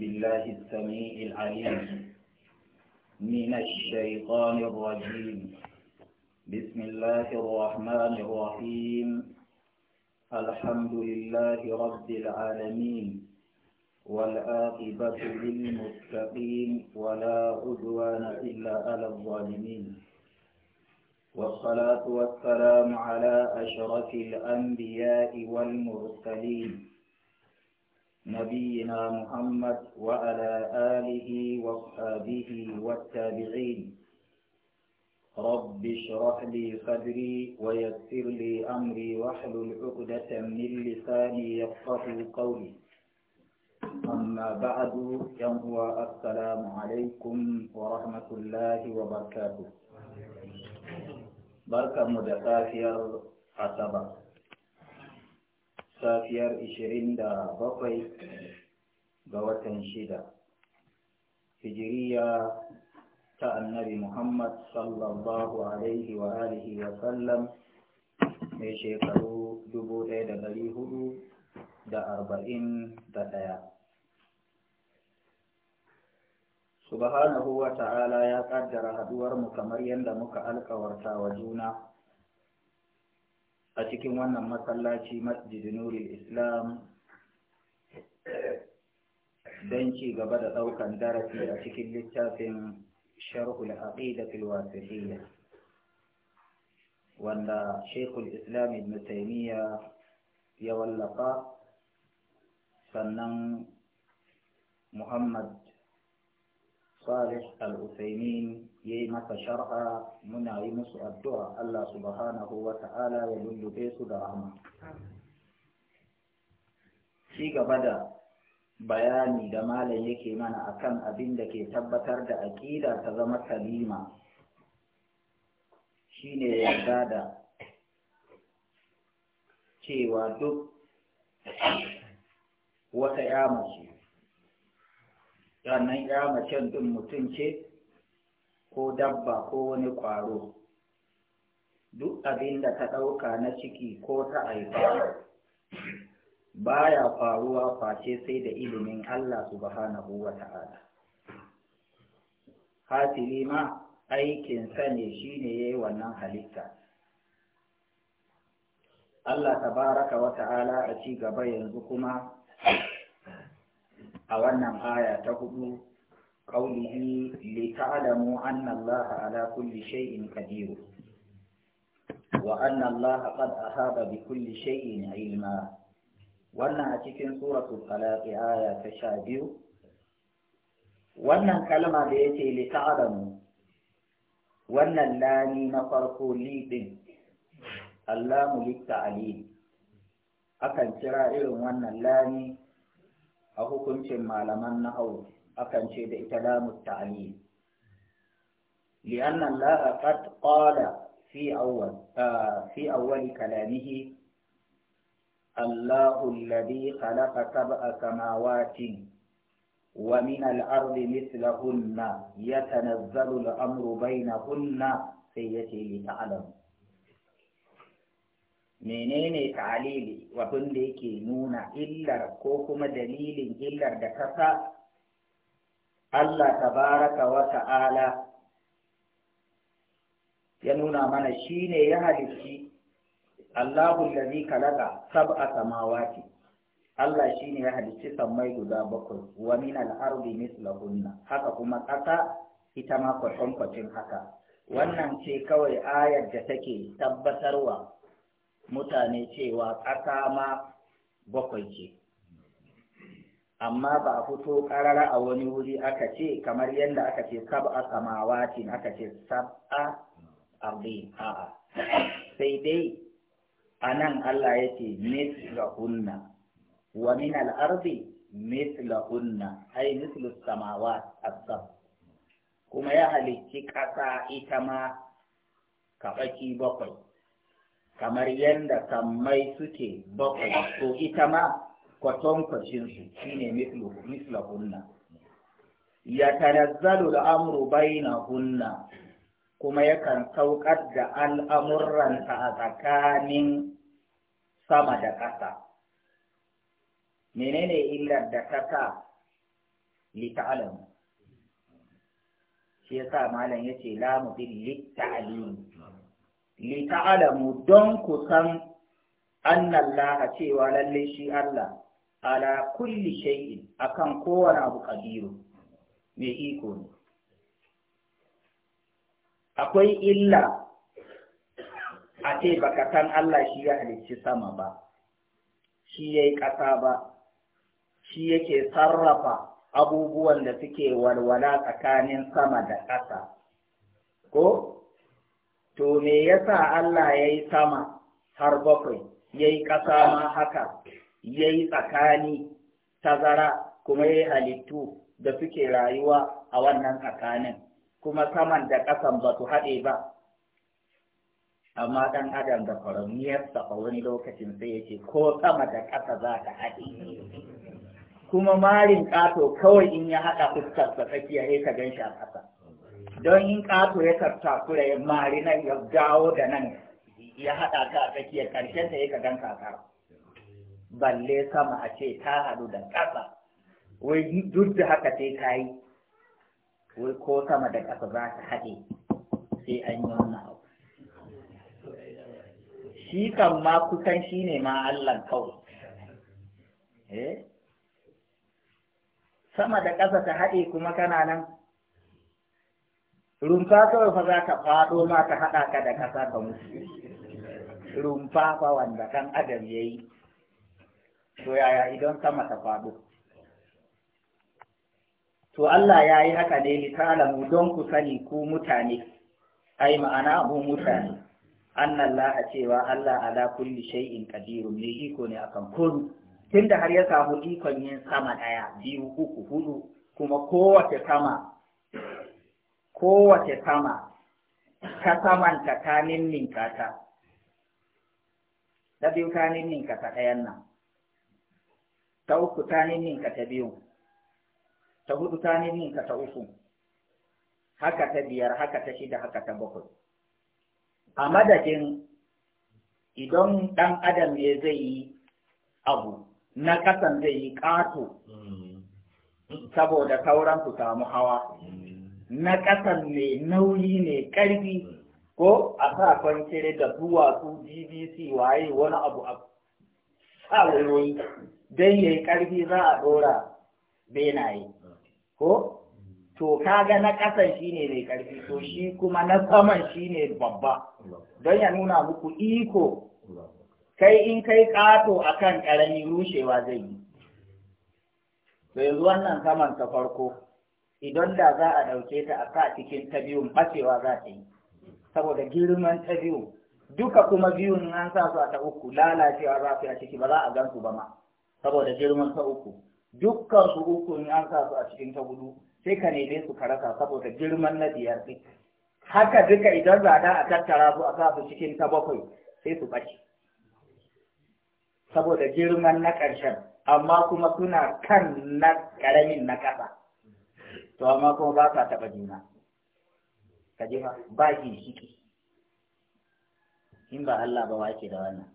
بالله السميع العليم من الشيطان الرجيم بسم الله الرحمن الرحيم الحمد لله رب العالمين والآقبة للمتقين ولا عدوان إلا على الظالمين والصلاة والسلام على أشرف الأنبياء والمرسلين نبينا محمد وعلى آله وصحبه والتابعين رب اشرح لي صدري ويسر لي أمري واحلل عقدة من لساني يفقه قولي أما بعد يمهو السلام عليكم ورحمة الله وبركاته بركة مدفافير عتبة safiyar 27 ga watan shida hijiriya ta annabi muhammad sallallahu alaihi wa alihi wa sallam mai shekaru 1441 subhanahu wa ta'ala ya kaddara haduwar mu kamar yadda muka alƙawarta wa juna a cikin wannan masallaci masjid nurul islam don ci gaba da daukan darasi a cikin littafin sharhul aqidatul wasifiyya wanda shekul islam ibn taymiya ya wallafa sannan muhammad salih al yayi masa shar'a muna yi musu addu'a Allah subhanahu wa ta'ala ya lullube su da rahama ci gaba da bayani da malam yake mana akan abin da ke tabbatar da aƙida ta zama kalima shine yarda da cewa duk wata yamma mace sannan ya mutum ce ko dabba ko wani ƙwaro duk abin da ta ɗauka na ciki ko ta haifa baya faruwa face sai da ilimin Allah subhanahu wa ta'ala hasili ma aikinsa ne shine ya yi wannan halitta Allah tabaraka wa ta'ala a ci gaba yanzu kuma a wannan aya ta hudu قوله لتعلموا أن الله على كل شيء قدير وأن الله قد أهاب بكل شيء علما wannan a cikin suratul talaqi aya ta sha biyu wannan kalma da yake li ta'lamu wannan lani na farko li din allahu li akan kira irin wannan lani a hukuncin malaman na'awi akan ce da ita lamun ta'ani li'annan la'a qad qala fi awwal ah, fi awwal kalamihi Allahu alladhi khalaqa sab'a samawati wa min al-ardi mithlahunna yatanazzalu al-amru bainahunna sayyati li ta'lam menene ta'lili wa bin da yake nuna illar ko kuma dalilin illar da kasa Allah tabaraka wa ta'ala ya nuna mana shi ne ya halicci Allahu allazi khalaqa sab'a samawati Allah shi ya halicci sammai guda bakwai wa min al-ardi mislahunna haka kuma ƙasa ita ma kwatankwacin haka wannan ce kawai ayar da take tabbatarwa mutane cewa ƙasa ma bakwai ce amma ba a fito ƙarara a wani wuri aka ce kamar yadda aka ce sab'a samawatin aka ce sab'a ardi a'a sai dai a nan Allah ya ce mislahunna wa min al-ardi mislahunna ay mislu samawat as-sab kuma ya halicci ƙasa ita ma kaɓaki bakwai kamar yadda sammai suke bakwai to ita ma kwatankwacin su shine misla hunna ya tanazzalu baina hunna kuma yakan saukar da al'amuransa a tsakanin sama da ƙasa menene illar da ta sa lita'alamu shi yasa malam yace lamu bil lita'alim lita'alamu don ku san a cewa lalle shi Allah ala kulli shay'in akan kowane abu kadiru mai iko ne akwai illa a ce baka san Allah shi ya halicci sama ba shi yayi ƙasa ba shi yake sarrafa abubuwan da suke walwala tsakanin sama da ƙasa ko to me yasa Allah yayi sama har bakwai yayi ƙasa ma haka ya yi tsakani tazara kuma ya yi halittu da suke rayuwa a wannan tsakanin kuma saman da ƙasan ba su haɗe ba amma ɗan adam da sa, a wani lokacin sai ya ce ko sama da ƙasa za ta haɗe kuma marin Kato kawai in ya haɗa sa tsakiya ya ka gan a ƙasa don in ƙato ya tattakura ya mari nan ya dawo da nan ya haɗa ka a tsakiya ƙarshen ta ya ka gan kakara balle sama a ce ta haɗu da ƙasa wai duk da haka sai ka yi wai ko sama da ƙasa za ta haɗe sai an yi wannan abu shi kan ma kusan shi ne ma Allahn kawai eh sama da ƙasa ta haɗe kuma kana nan rumfa kawai fa za ka faɗo ma ta haɗa ka da ƙasa ka mutu rumfa fa wanda kan adam ya yi to yaya idan sama ta faɗo to Allah ya yi haka ne litalamu don ku sani ku mutane ai ma'ana mu mutane la'a cewa Allah ala kulli shay'in qadirun ne iko ne akan komai tunda har ya samu ikon yin sama ɗaya biyu uku hudu kuma kowace sama kowace sama ta samanta ta ninninka ta ta biyu ta ninninka ta ɗayan nan ta uku ta ninka ta biyu ta hudu ta ninka ta uku haka ta biyar haka ta shida haka ta bakwai a madadin idan ɗan adam ya zai yi abu na ƙasan zai yi kato saboda sauran ku samu hawa na ƙasan mai nauyi ne ƙarfi ko a sa kwanciri da duwatsu bbc waye wani abu a sa wayoyi don ya yi ƙarfi za a ɗora benaye ko to kaga na ƙasan ne mai ƙarfi to shi kuma na saman shi ne babba don ya nuna muku iko kai in kai ƙato kan ƙarami rushewa zai yi to yanzu wannan saman ta farko idan da za a ɗauke ta a sa cikin ta biyun ɓacewa za ta yi saboda girman ta biyun duka kuma biyun an sa su a ta uku lalacewa za su yi a ciki ba za a gan su ba ma saboda girman ta uku dukkan su uku in an sa su a cikin ta hudu sai ka neme su ka rasa saboda girman na biyar ɗin haka duka idan za a tattara su a sa su cikin ta bakwai sai su ɓace saboda girman na ƙarshen amma kuma suna kan na ƙaramin na ƙasa to amma kuma ba sa taɓa juna ka ji ba ba shi in ba Allah ba wake da wannan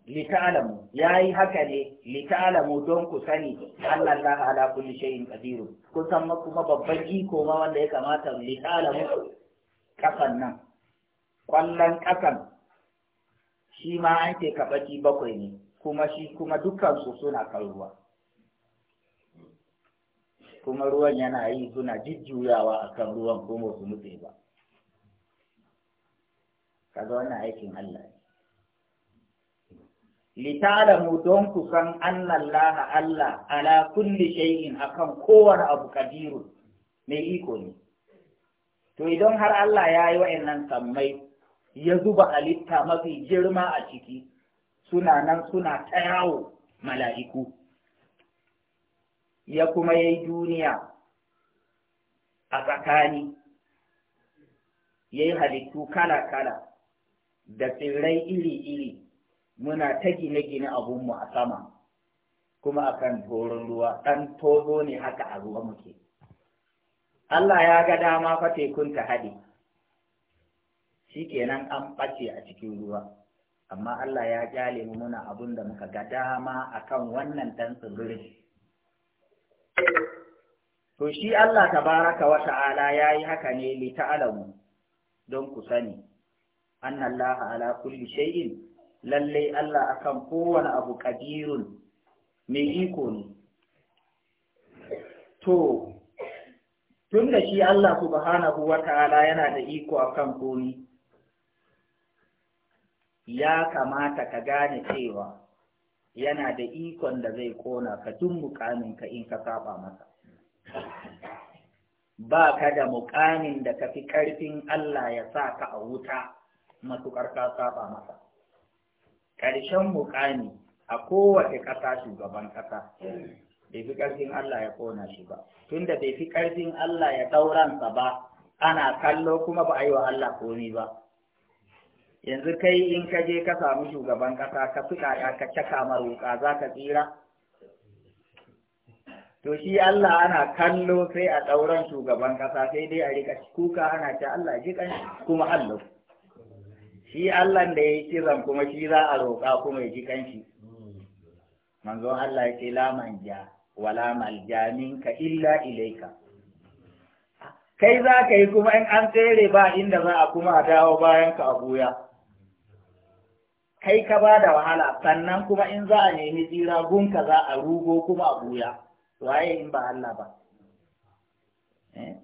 Ya yayi haka ne lita'alamu don ku sani Allah la ala kulli shay'in qadir kun san ma kuma babban iko ma wanda ya kamata lita'alamu kafan nan kwallon kafan shi ma an ce kabaki bakwai ne kuma shi kuma dukkan su suna kan ruwa kuma ruwan yana yi suna jujjuyawa akan ruwan kuma su mutse ba kaga wannan aikin Allah ne mu don ku san annallaha Allah ala kulli shay'in akan kowane abu kadirun mai iko ne to idan har Allah ya yi wayannan sammai ya zuba halitta mafi girma a ciki suna nan suna ta yawo mala'iku ya kuma ya yi duniya a tsakani ya yi halittu kala-kala da tsirrai iri-iri muna ta gine-gine abunmu a sama kuma akan doron ruwa ɗan tozo ne haka a ruwa muke Allah ya ga dama fa tekun ta haɗe shikenan an ɓace a cikin ruwa amma Allah ya jale mu muna abun da muka ga dama kan wannan ɗan tsibirin To shi Allah baraka wa ta'ala ya yi haka ne li ta'alamu don ku sani, an Allah ala kulli shay'in lallai Allah akan kowane abu kadirun mai iko ne to tun da shi Allah subhanahu wa ta'ala yana da iko akan komi ya kamata ka gane cewa yana da ikon da zai kona ka tun mukaminka in ka saba masa ba ka da mukamin da ka fi ƙarfin Allah ya sa ka a wuta matuƙar ka saba masa Karshen mukami a kowace ƙasa shugaban ƙasa bai fi ƙarfin Allah ya kona shi ba tunda bai fi ƙarfin Allah ya ɗauransa ba ana kallo kuma ba a yi wa Allah komi ba yanzu kai in ka je ka samu shugaban ƙasa ka fi ka caka maruƙa za ka tsira to shi Allah ana kallo sai a ɗauran shugaban ƙasa sai dai a rika kuka ana ce Allah ji kuma Allah shi Allah da ya yi kiran kuma shi za a roƙa kuma ya ji kanshi manzon Allah ya ce la manja wala malja minka illa ilaika kai za ka yi kuma in an tsere ba inda za a kuma a dawo bayan ka a goya kai ka ba da wahala sannan kuma in za a nemi tsira gunka za a rugo kuma a goya waye in ba Allah ba eh?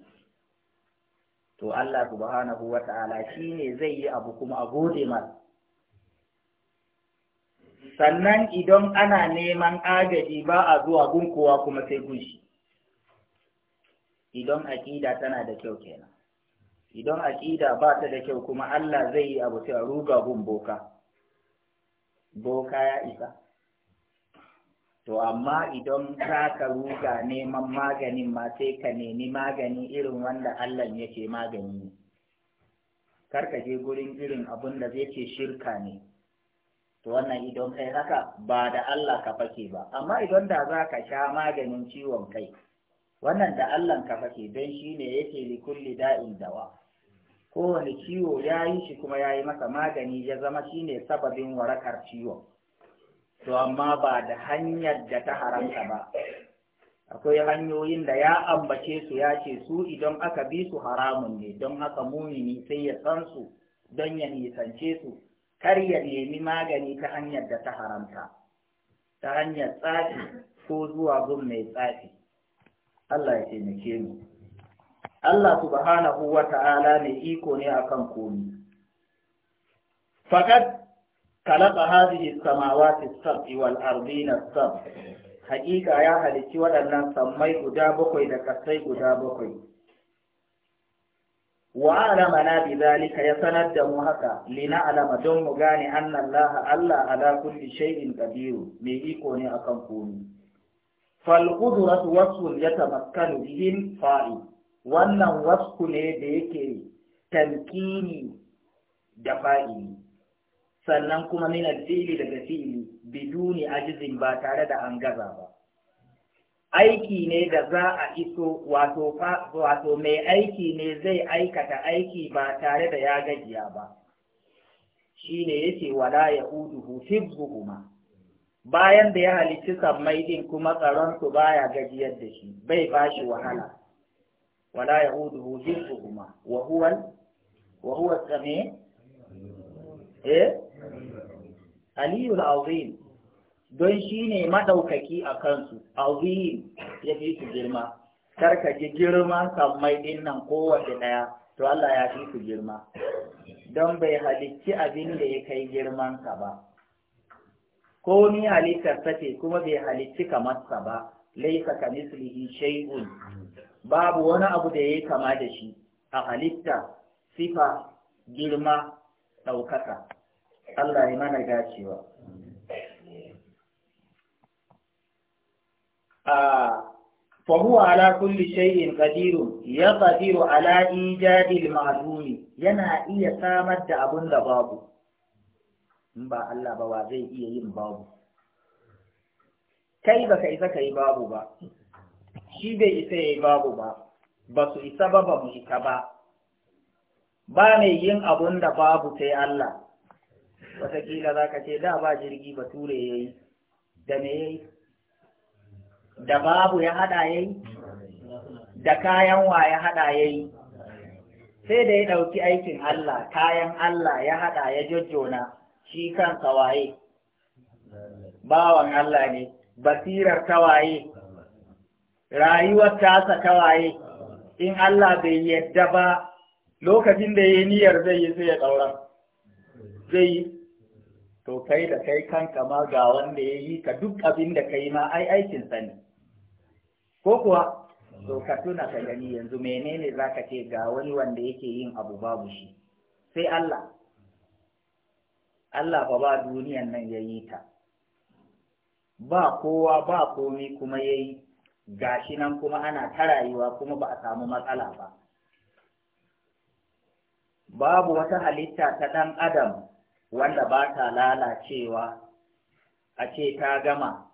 to Allah subhanahu wa ta'ala shi ne zai yi abu kuma a gode masa sannan idan ana neman agaji ba a zuwa gun kuma sai gunshi. idan aƙida tana da kyau kenan idan aƙida ba ta da kyau kuma Allah zai yi abu sai a ruga gun boka boka ya isa to amma idan za ka ruga neman maganin ma sai ka nemi magani irin wanda Allah ya ce magani ne karka je gurin irin abun zai ce shirka ne to wannan idan kai haka ba da Allah ka fake ba amma idan da za ka sha maganin ciwon kai wannan da Allah ka fake don shi ne yake li kulli da'in dawa kowane ciwo ya yi shi kuma ya yi masa magani ya zama shine sababin warakar ciwon to amma ba da hanyar da ta haramta ba akwai hanyoyin da ya ambace su ya ce su idan aka bi su haramun ne don haka mumini sai ya san su don ya nisance su kar ya nemi magani ta hanyar da ta haramta ta hanyar tsafi ko zuwa gun mai tsafi Allah ya taimake mu Allah subhanahu wa ta'ala mai iko ne akan komi fakat Kalaba hadhihi samawati as-sab'i wal ardina haƙiƙa ya halicci waɗannan sammai guda bakwai da kasai guda bakwai wa alama na bi zalika ya sanar da mu haka lina alama don mu gane annan Allah Allah ala kulli shay'in qadiru mai iko ne akan komi fal qudratu wasfun yatamakkanu bihi fa'i wannan wasku ne da yake tankini da fa'i sannan kuma mina fili daga fi'li biduni ajizin ba tare da an gaza ba aiki ne da za a iso wato wato mai aiki ne zai aikata aiki ba tare da ya gajiya ba Shi ne yake wala yahuduhu kuma. bayan da ya halicci sammai din kuma tsaron su baya gajiyar da shi bai bashi wahala wala yahuduhu hibbuhuma wa huwa wa huwa eh aliyul azim don shine ne maɗaukaki a kansu azim ya fi su girma karka ji girma sammai ɗin nan kowace ɗaya to Allah ya fi su girma don bai halicci abin da ya kai ka ba ko ni halitta ce kuma bai halicci kamar kamarsa ba laisa ka mislihi shay'un babu wani abu da yayi kama da shi a halitta sifa girma ɗaukaka Allah ya mana dacewa a ala kulli كل شيء ya يقدر ala ijadil المعلوم yana iya samar da abun da babu in ba Allah ba wa zai iya yin babu kai ba ka isa ka yi babu ba shi bai isa ya yi babu ba ba su isa ba ba mu isa ba ba mai yin abun da babu sai Allah watakila za ka ce da ba jirgi ba Ture ya yi da me ya yi da babu ya hada ya yi da kayan wa ya hada ya yi sai da ya ɗauki aikin Allah kayan Allah ya hada ya jojjona shi kan waye bawan Allah ne basirar waye. rayuwar tasa tawaye in Allah bai yadda ba lokacin da ya yi niyyar zai yi sai ya tsauran. zai to kai da kai kanka ma ga wanda ya yi ka duk abin da kai ma ai aikin sani ko kuwa to ka tuna ka gani yanzu menene za ka ce ga wani wanda yake yin abu babu shi sai Allah Allah fa ba duniyan nan ya yi ta ba kowa ba komi kuma ya yi gashi nan kuma ana ta rayuwa kuma ba a samu matsala ba babu wata halitta ta ɗan adam wanda ba ta lalacewa a ce ta gama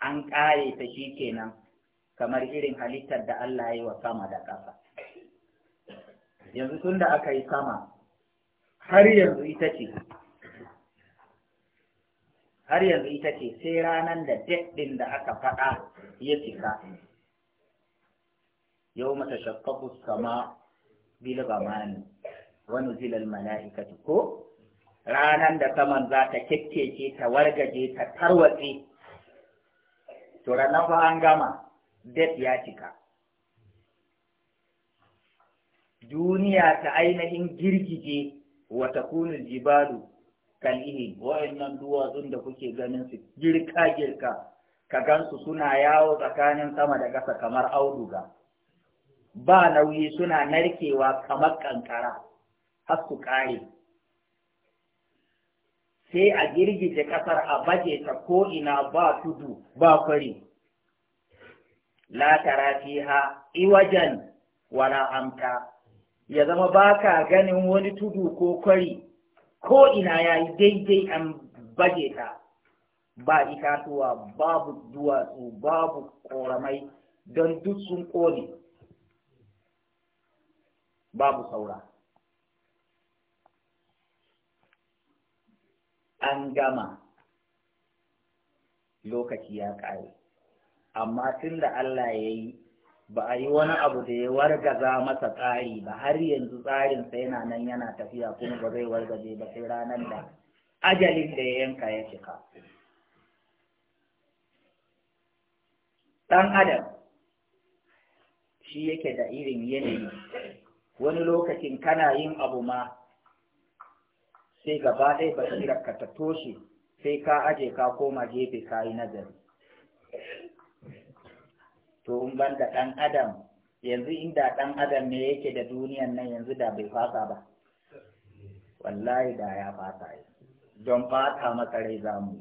an ƙare ta shi kenan kamar irin halittar da Allah yi wa sama da ƙasa. Yanzu tun da aka yi sama, har yanzu ita ce, har yanzu ita ce sai ranar da ɗin da aka faɗa ya cika. Yau mata shakka sama bilba gamani wani zilal mala'ikatu ko? ranan da saman za ta kekkeke ta wargaje ta tarwatse to ranar fa an gama det ya cika duniya ta ainihin girgije wa kunu jibalu kalihi wa'annan duwatsun da kuke ganin su girka girka ka gansu suna yawo tsakanin sama da ƙasa kamar auduga ba nauyi suna narkewa kamar kankara har su sai a girgije ƙasar a baje ta ko'ina ba tudu ba kwari. La tara fiha iwajan wala amta, ya zama ba ka ganin wani tudu ko kwari, ko'ina ya yi daidai an baje ta, ba itatuwa, babu duwatsu, babu ƙoramai don duk sun ƙone, babu saura. an gama lokaci ya ƙare amma tun da Allah ya yi ba a yi wani abu da ya wargaza masa tsari ba har yanzu tsarin sai yana nan yana tafiya kuma ba zai wargaje ba sai ranar da ajalin da ya yanka ya cika ɗan adam shi yake da irin yanayi wani lokacin kana yin abu ma sai gaba ɗaya basirar ka ta toshe sai ka aje ka koma gefe ka yi nazari to in ban da ɗan adam yanzu inda ɗan adam ne yake da duniyan nan yanzu da bai fasa ba wallahi da ya fasa yi don fata maka rai mu.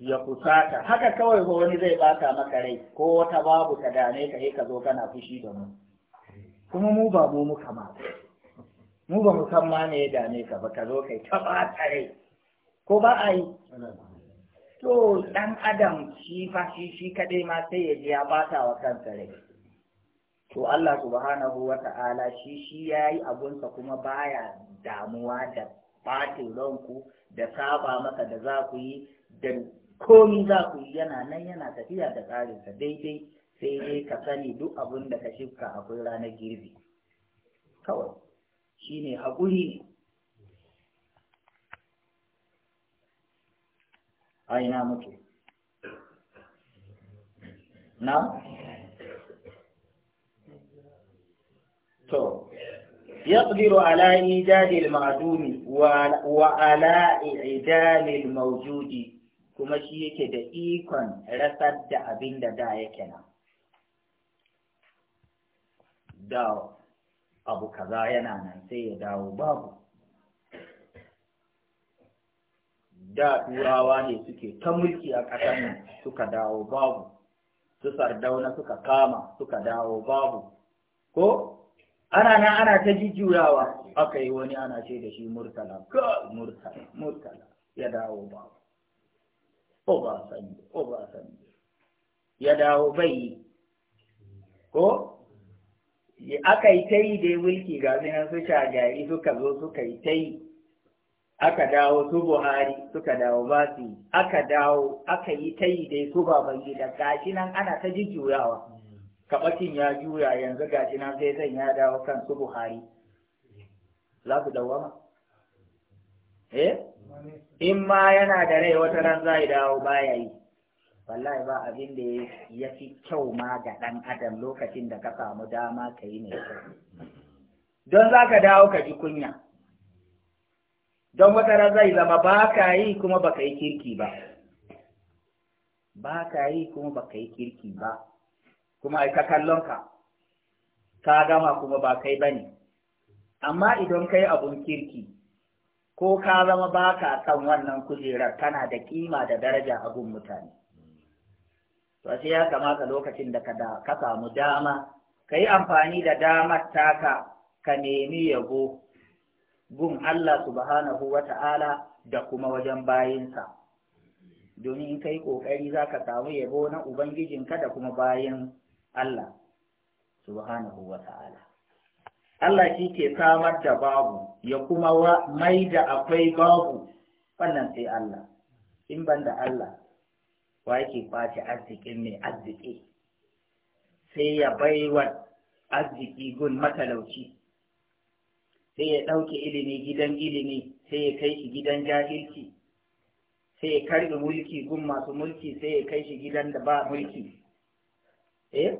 ya kusata haka kawai ko wani zai bata maka rai ko wata babu ta dame ka ka zo kana fushi da mu kuma mu ba mu muka ma mu ba mu san ma ne ya dame ka ba ka zo kai ta tare ko ba a yi to ɗan adam shi fa shi shi kaɗai ma sai ya ji ya ɓata wa kansa rai to Allah subhanahu wa ta'ala shi shi ya yi abunsa kuma baya damuwa da batin ranku da saba maka da za ku yi da komi za ku yi yana nan yana tafiya da tsarinsa daidai sai dai ka sani duk abin da ka shifka akwai ranar girbi kawai shine haƙuri a ina muke na? to يقدر على إيجاد المعدوم وعلى إعدام الموجود كما شيء دا إيكون رسد دا أبين دا يكنا دا abu kaza yana nan sai ya dawo babu da turawa ne suke ta mulki a ƙasar nan suka dawo babu su sardauna suka kama suka dawo babu ko ana nan ana ta jijjurawa aka yi wani ana ce da shi murtala ka murtala murtala ya dawo babu obasanjo obasanjo ya dawo bai ko aka yi ta yi dai mulki ga nan su shagari suka zo suka yi ta yi aka dawo su buhari suka dawo basi aka dawo aka yi ta yi dai su bai gida gashi nan ana ta jujjuyawa kaɓakin ya juya yanzu gashi nan sai zan ya dawo kan su buhari za su dawama eh in ma yana da rai wata ran za dawo baya yi wallahi ba abin da ya fi kyau ma ga ɗan adam lokacin da ka samu dama ka yi mai kyau don za ka dawo ka ji kunya don wata zai zama ba ka yi kuma ba ka yi kirki ba ba ka yi kuma ba ka yi kirki ba kuma ka kallon ka ka gama kuma ba kai ba ne amma idan ka yi abun kirki ko ka zama ba ka kan wannan kujerar kana da kima da daraja abun mutane to sai ya kamata lokacin da ka samu dama ka yi amfani da damar taka ka nemi yabo gun Allah subhanahu wa ta'ala da kuma wajen bayinsa domin in ka yi ƙoƙari za ka samu yabo na Ubangijinka da kuma bayin Allah subhanahu wa ta'ala Allah shi ke samar da babu ya kuma mai da akwai babu wannan sai Allah in ban da Allah wa yake kwace arzikin mai arziki sai ya baiwa arziki gun matalauci sai ya ɗauke ilimi gidan ilimi sai ya kai shi gidan jahilci sai ya karɓi mulki gun masu mulki sai ya kai shi gidan da ba mulki eh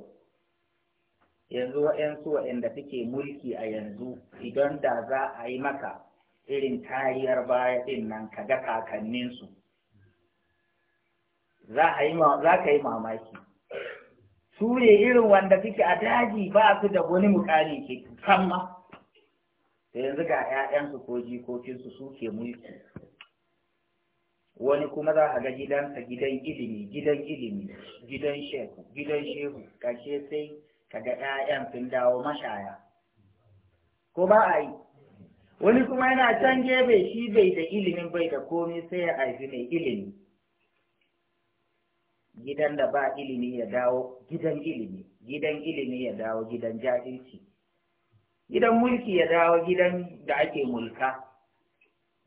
yanzu waɗansu waɗanda suke mulki a yanzu idan da za a yi maka irin tariyar baya ɗin nan ka ga kakanninsu za ka yi mamaki su ne irin wanda suke a daji ba su da wani mukami ke kamma. yanzu ga ƴaƴansu ko jikokinsu su ke mulki wani kuma za a ga gidansa gidan ilimi gidan ilimi gidan shehu gidan shehu kashe sai ka ga ƴaƴan sun dawo mashaya ko ba a yi wani kuma yana can gefe shi bai da ilimin bai da komai sai ya aifi mai ilimi gidan da ba ilimi ya dawo gidan ilimi gidan ilimi ya dawo gidan jahilci gidan mulki ya dawo gidan da ake mulka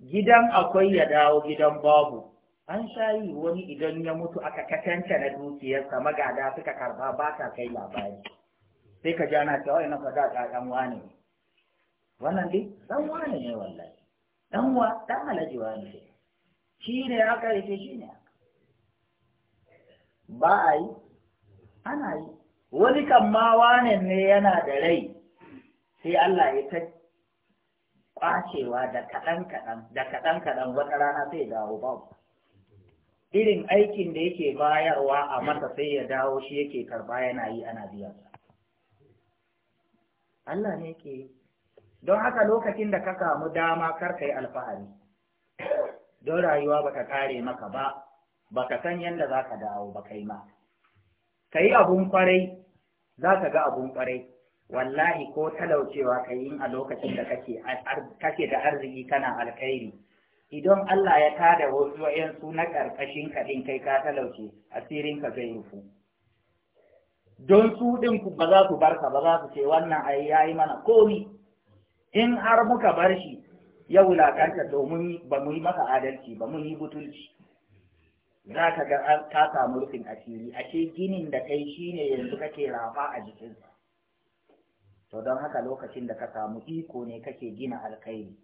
gidan akwai ya dawo gidan babu an shayi wani idan ya mutu aka katanta na dukiyarsa magada suka karba ba ka kai labari sai ka jana ta wai na fada ka dan wane wannan dai dan wane ne wallahi dan wa dan alaji wane shi ne aka yi shi ne aka ba a yi ana yi wani kan ma wane ne yana da rai sai Allah ya ta kwacewa da kaɗan kaɗan da kaɗan kaɗan wata rana sai dawo ba irin aikin da yake bayarwa a masa sai ya dawo shi yake karba yana yi ana biya Allah ne ke don haka lokacin da ka kamu dama kar ka yi alfahari don rayuwa baka kare maka ba ba ka san yadda za ka dawo ba kai ma ka yi abun kwarai za ka ga abun kwarai wallahi ko talaucewa ka yi a lokacin da kake da arziki kana alkhairi idan Allah ya tada wasu wa'yansu na ƙarƙashin kaɗin kai ka talauce asirin ka zai rufu don su ɗin ba za su barka ba za su ce wannan ai ya yi mana komi in har muka bar shi ya wulakanta domin ba mu yi maka adalci ba mu yi butulci za ka ga ka samu rufin asiri ashe ginin da kai shine yanzu kake rafa a jikinsa to don haka lokacin da ka samu iko ne kake gina alkhairi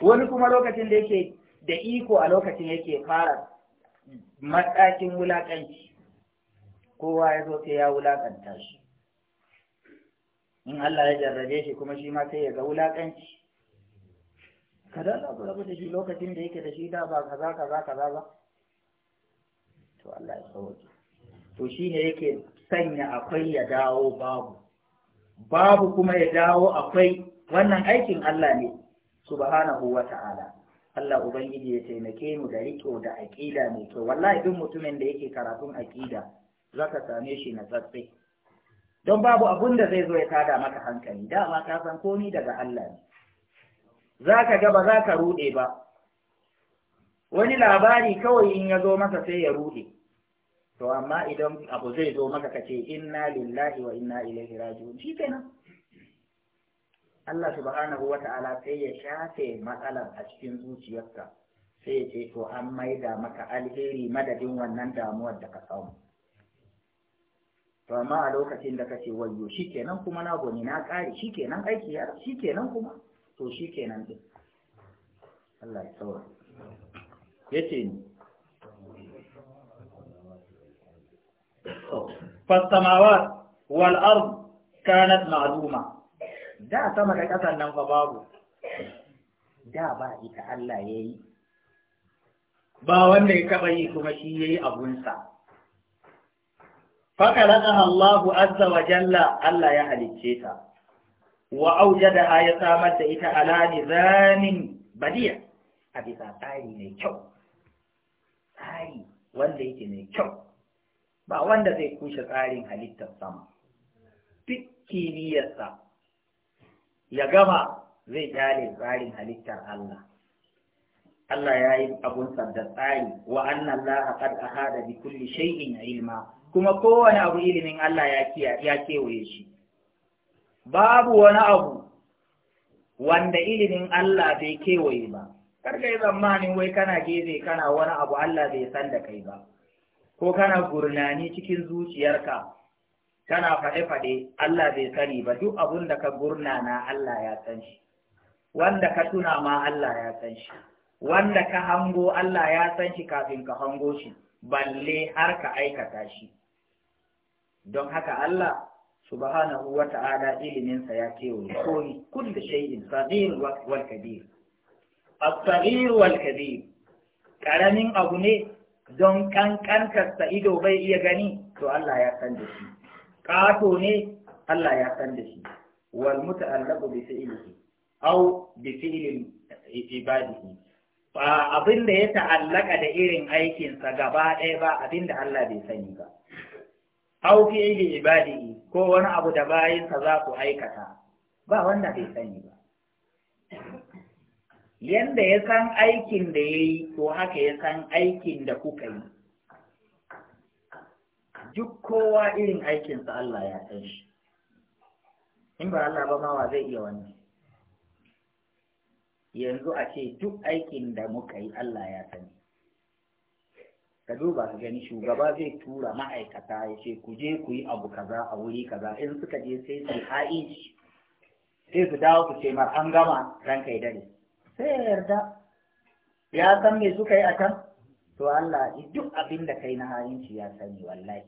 wani kuma lokacin da yake da iko a lokacin yake fara matsakin wulaƙanci kowa ya zo sai ya wulaƙanta shi in Allah ya jarrabe shi kuma shi ma sai ya ga wulaƙanci kada Allah ku rabu da shi lokacin da yake da shi da ba kaza kaza kaza ba to Allah ya sauke to shine yake sanya akwai ya dawo babu babu kuma ya dawo akwai wannan aikin Allah ne subhanahu wata'ala ta'ala Allah ubangiji ya taimake mu da riko da aƙida mai to wallahi duk mutumin da yake karatun aƙida zaka same shi na tsatsai don babu abun da zai zo ya tada maka hankali dama ka san ni daga Allah ne zaka ga ba za ka ruɗe ba wani labari kawai in ya zo masa sai ya rude. to amma idan abu zai zo maka kace inna lillahi wa inna ilaihi raji'un shi kenan Allah subhanahu wa ta'ala sai ya shafe matsalar a cikin zuciyarka sai ya ce to an maida maka alheri madadin wannan damuwar da ka samu to amma a lokacin da kace shi kenan kuma na goni na kare kenan aiki ya kenan kuma to shi kenan din Allah ya saurara yace ni fasamawa wal ard kanat ma'luma da sama da kasan nan fa babu da ba ita Allah yayi ba wanda ya taba yi kuma shi yayi abunsa fakalaka Allah azza wa jalla Allah ya halicce ta wa da ya samar da ita ala zanin badiya a bisa tsari mai kyau tsari wanda yake mai kyau ba wanda zai kushe tsarin halittar sama duk kimiyyarsa ya gama zai kyale tsarin halittar Allah Allah ya yi abun da tsari wa annan laha qad ahada bi kulli shay'in ilma kuma kowane abu ilimin Allah ya ya kewaye shi babu wani abu wanda ilimin Allah bai kewaye ba kar kai tsammanin wai kana geze kana wani abu Allah bai san da kai ba ko kana gurnani cikin zuciyarka kana faɗe-faɗe Allah bai sani ba duk abun da ka gurnana Allah ya san shi wanda ka tuna ma Allah ya san shi wanda ka hango Allah ya san shi kafin ka hango shi balle har ka aikata shi don haka Allah subhanahu wa ta'ala iliminsa ya kewa komi kullu shay'in saghir wal kabir as-saghir wal kabir karamin abu ne don kankantarsa ido bai iya gani to Allah ya san da shi ƙato ne Allah ya san da shi wal muta'allaqu bi fi'lihi aw bi fi'lin ibadihi ba abin da ya ta'allaka da irin aikinsa gaba ɗaya ba abin da Allah bai sani ba aw fi'li ibadihi ko wani abu da bayinsa za ku aikata ba wanda bai sani ba yanda ya san aikin da ya yi ko haka ya san aikin da kuka yi duk kowa irin aikinsa Allah ya san shi in ba Allah ba mawa zai iya wani. yanzu a ce duk aikin da muka yi Allah ya sani ka duba ka gani shugaba zai tura ma'aikata ya ce ku je ku yi abu kaza a wuri kaza in suka je sai su ha'i sai su dawo ku ce an gama ranka ya dare sai yarda ya san me suka yi a can to Allah duk abin da kai na halinci ya sani wallahi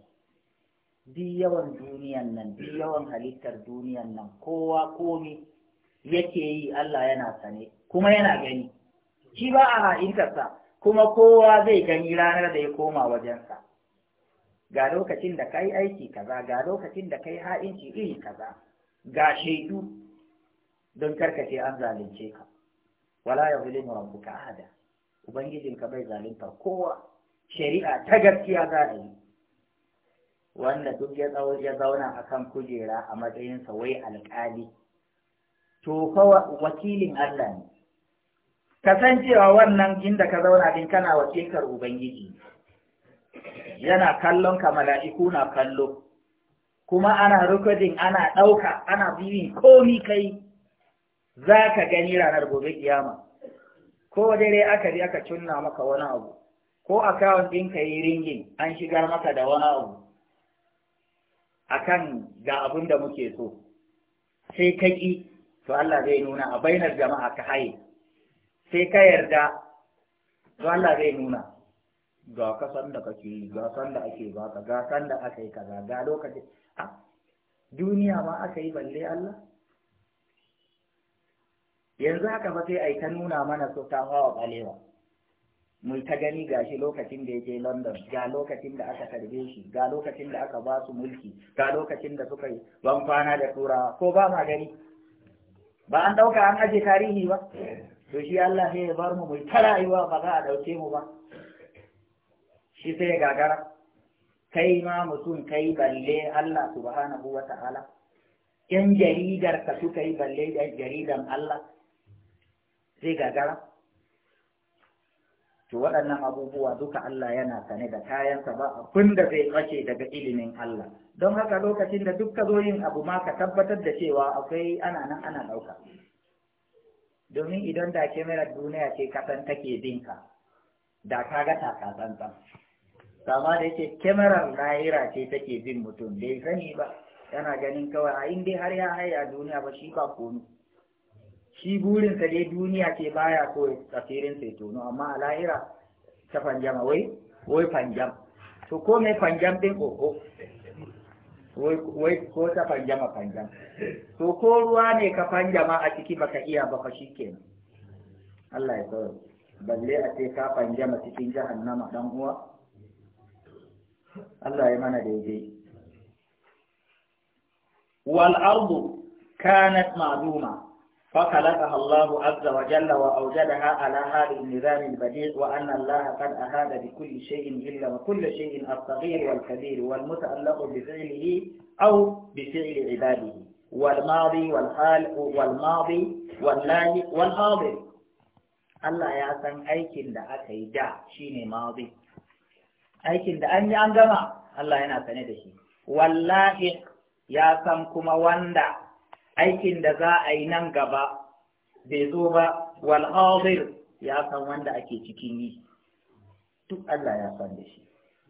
bi yawan duniyan nan bi yawan halittar duniyan nan kowa komi yake yi Allah yana sane kuma yana gani shi ba a ha'intarsa kuma kowa zai gani ranar da ya koma wajensa ga lokacin da kai aiki kaza ga lokacin da kai ha'inci iri kaza ga shaidu don karkace an zalunce ka wala ya zulimu rabbuka ahada ka bai zalunta kowa shari'a ta gaskiya za a yi wanda duk ya zauna a kan kujera a matsayinsa wai alƙali to fa wakilin Allah ne cewa wannan inda ka zauna din kana wakiltar ubangiji yana kallon ka mala'iku na kallo kuma ana rikodin ana ɗauka ana bibin komi kai za ka gani ranar gobe kiyama ko dare aka bi aka cunna maka wani abu ko akawun ɗinka yi ringin an shigar maka da wani abu akan ga abin da muke so sai ka ƙi to Allah zai nuna a bainar jama'a ka haye sai ka yarda to Allah zai nuna ga kasan da kake yi ga san da ake baka ga san da aka yi kaza ga lokaci a ah, duniya ma aka yi balle Allah yanzu haka fa sai ai ta nuna mana so ta hawa balewa mun ta gani gashi lokacin da yake London ga lokacin da aka karbe shi ga lokacin da aka ba su mulki ga lokacin da suka yi ban kwana da turawa ko ba ma gani ba an dauka an aje tarihi ba to shi Allah sai ya bar mu mu ta rayuwa ba za a dauke mu ba shi sai ya gagara kai ma mutum kai balle Allah subhanahu wa ta'ala yan jaridar ka suka yi balle da jaridan Allah zai gagara to waɗannan abubuwa duka Allah yana sane da kayansa ba abin da zai ɓace daga ilimin Allah don haka lokacin da duk ka yin abu ma ka tabbatar da cewa akwai ana nan ana ɗauka domin idan da kemarar duniya ce kasan take binka da ka ga taka Sama da yake kyamarar lahira ce take bin mutum bai sani ba yana ganin kawai a inda har ya haya duniya ba shi ba komi shi burinsa dai duniya ce baya ko tsafirin ya tono amma a lahira ta fanjama wai wai fanjam to ko mai fanjam din koko wai ko ta fanjama fanjam to ko ruwa ne ka fanjama a ciki baka iya ba fa shikenan Allah ya tsare balle a ce ka fanjama cikin jahannama dan uwa Allah ya mana daidai wal ardu kanat ma'duma فخلقها الله عز وجل وأوجدها على هذا النظام البديع وأن الله قد أهاد بكل شيء إلا وكل شيء الصغير والكبير والمتألق بفعله أو بفعل عباده والماضي والحال والماضي واللاهي والحاضر Allah ya san aikin da aka yi da shine mazi aikin da an yi an gama Allah yana sane da shi wallahi ya san kuma wanda aikin da za a yi nan gaba bai zo ba wal hadir ya san wanda ake cikin yi duk Allah ya san da shi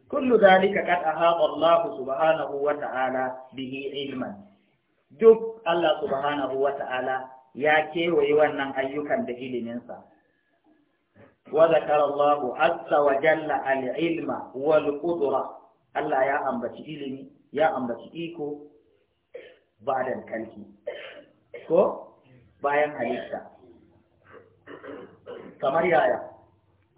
kullu zalika qad ahata Allah subhanahu wa ta'ala bihi ilman duk Allah subhanahu wa ta'ala ya kewaye wannan ayyukan da iliminsa wa zakara Allah azza wa jalla al-ilma wal qudra Allah ya ambaci ilimi ya ambaci iko ba da ko bayan halitta kamar yaya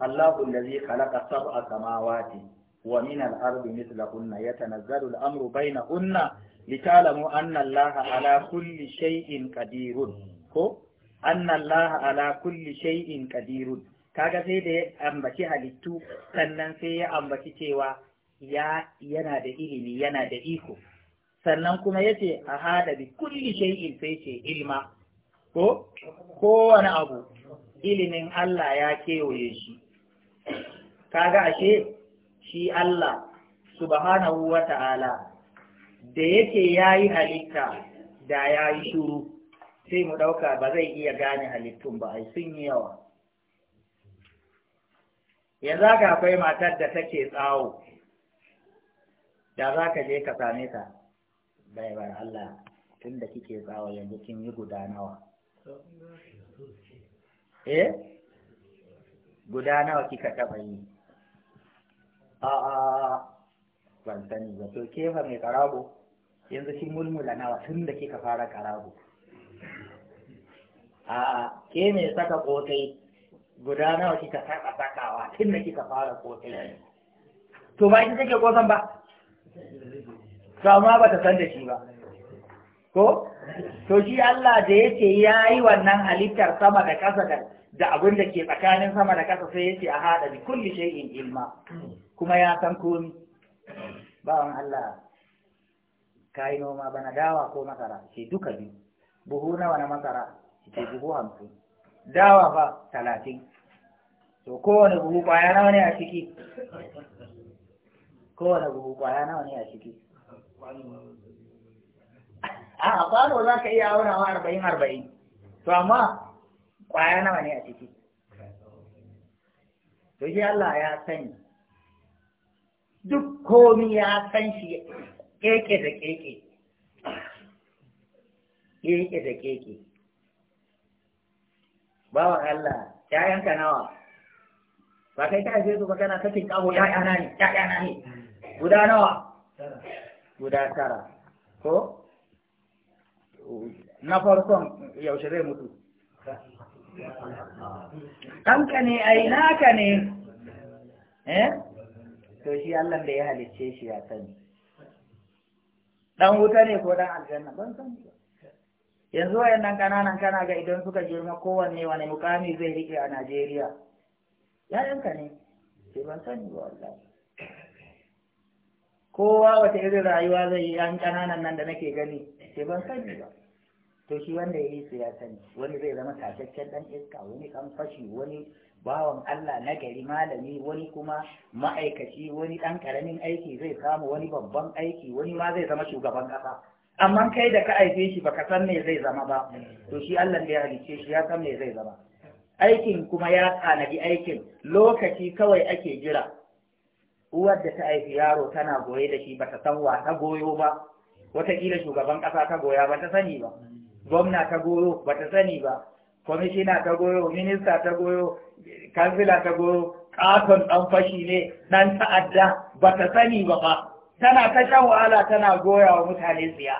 Allahu allazi khalaqa sab'a samawati wa min al-ardi mithlahunna yatanazzalu al-amru bainahunna litalamu anna Allaha ala kulli shay'in qadirun ko anna Allaha ala kulli shay'in qadirun kaga sai da ya ambaci halittu sannan sai ya ambaci cewa ya yana da ilimi yana da iko sannan kuma yace a hada bi kulli shay'in sai ce ilma ko kowane abu ilimin Allah ya kewaye shi kaga ashe shi Allah subhanahu wa ta'ala da yake yayi halitta da yayi shuru sai mu dauka ba zai iya gane halittun ba ai sun yi yawa yanzu haka akwai matar da take tsawo da za ka je ka same ta baiwar Allah tun da kike tsawa yanzu kin yi guda nawa eh guda nawa kika taɓa yi a a ban sani ba to kefa mai karago yanzu kin mulmula nawa tun da kika fara karago a a ke ne saka kotai guda nawa kika saka sakawa tun da kika fara kotai to ba ita take kosan ba to amma ba ta san da shi ba ko to shi Allah da yake yayi wannan halittar sama da ƙasa da da abin da ke tsakanin sama da ƙasa sai yake a hada bi kulli shay'in ilma kuma ya san komai bawan Allah kai noma bana dawa ko masara ce duka biyu buhu nawa na masara ce buhu hamsin dawa ba talatin to kowane buhu kwaya nawa ne a ciki kowane buhu kwaya nawa ne a ciki a kwano za ka iya aunawa arba'in arba'in to amma kwaya nawa ne a ciki to shi Allah ya sani duk komi ya san shi keke da keke keke da keke wa Allah ‘ya'yanka nawa ba kai ka haife su ba kana kakin kawo ‘ya'yana ne ‘ya'yana ne guda nawa guda tara ko na farkon yaushe zai mutu ɗanka ne yi naka ne eh to shi Allah da ya halicce shi ya sani dan wuta ne ko dan aljanna ban san yanzu nan kananan kana ga idan suka girma kowanne wani mukami zai rike a Najeriya ya yanka ne sai ban sani ba wallahi kowa wata irin rayuwa zai yi an ƙananan nan da nake gani sai ban sani ba to shi wanda ya yi su ya sani wani zai zama takakken dan iska wani kan fashi wani bawan Allah na gari malami wani kuma ma'aikaci wani dan karamin aiki zai samu wani babban aiki wani ma zai zama shugaban kasa amma kai da ka aife shi baka san me zai zama ba to shi Allah da ya halice shi ya san me zai zama aikin kuma ya tsanadi aikin lokaci kawai ake jira uwar da ta aiki yaro tana goye da shi ba ta san wa ta goyo ba wataƙila shugaban ƙasa ta goya ba ta sani ba gwamna ta goyo ba ta sani ba kwamishina ta goyo minista ta goyo kansila ta goyo ƙaton ɗan fashi ne ɗan ta'adda ba ta sani ba ba tana ta shan wahala tana goya wa mutane tsiya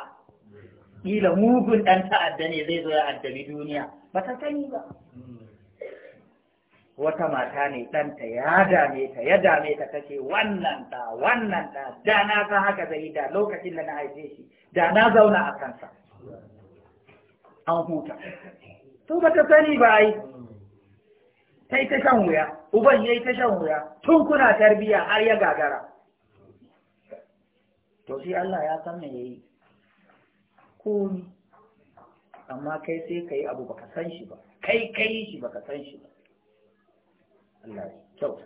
ƙila mugun ɗan ta'adda ne zai zo ya addabi duniya ba ta sani ba wata mata ne ɗanta ya dame ta ya dame ta ta ce wannan da, wannan da, da na san haka zai da lokacin da na haife shi da na zauna a kansa an huta to bata sani ba ai ta ta shan wuya uban yayi yi ta shan wuya tun kuna tarbiyya har ya gagara to shi Allah ya san me yayi ko amma kai sai kai abu baka san shi ba kai kai shi baka san shi ba Allah kyau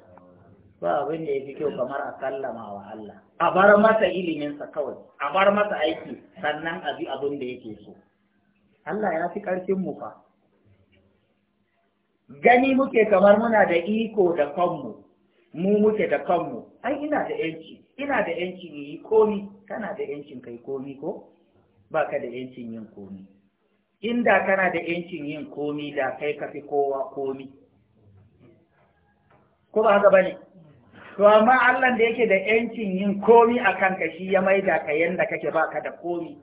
ba abin da ya fi kyau kamar a sallama wa Allah a bar masa iliminsa kawai a bar masa aiki sannan a bi abin da yake so Allah ya fi ƙarfin mu fa gani muke kamar muna da iko da kanmu mu muke da kanmu ai ina da yanci ina da yanci yi komi kana da yancin kai komi ko ba ka da yancin yin komi inda kana da yancin yin komi da kai ka fi kowa komi ko ba haka bane to amma Allah da yake da yancin yin komi a kanka shi ya maida ka yanda kake baka da komi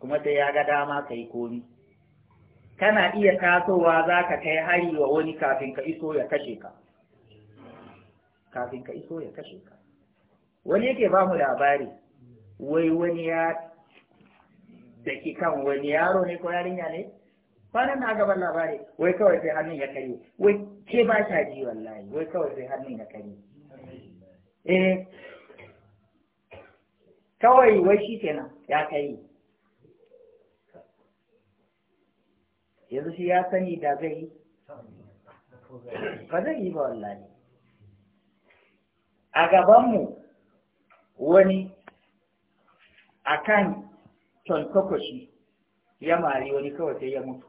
kuma sai ya ga dama kai komi kana iya tasowa za ka kai hari wa wani kafin ka iso ya kashe ka kafin ka iso ya kashe ka wani yake ba mu labari wai wani ya daki kan wani yaro ne ko yarinya ne kwanan na gaban labari wai kawai sai hannun ya kari wai ke ba ta ji wallahi wai kawai sai hannun ya kari eh kawai wai shi kenan ya kai yanzu shi ya sani da zai yi ba zai yi ba wallahi a gabanmu wani akan tontokoshi ya mari wani kawai sai ya mutu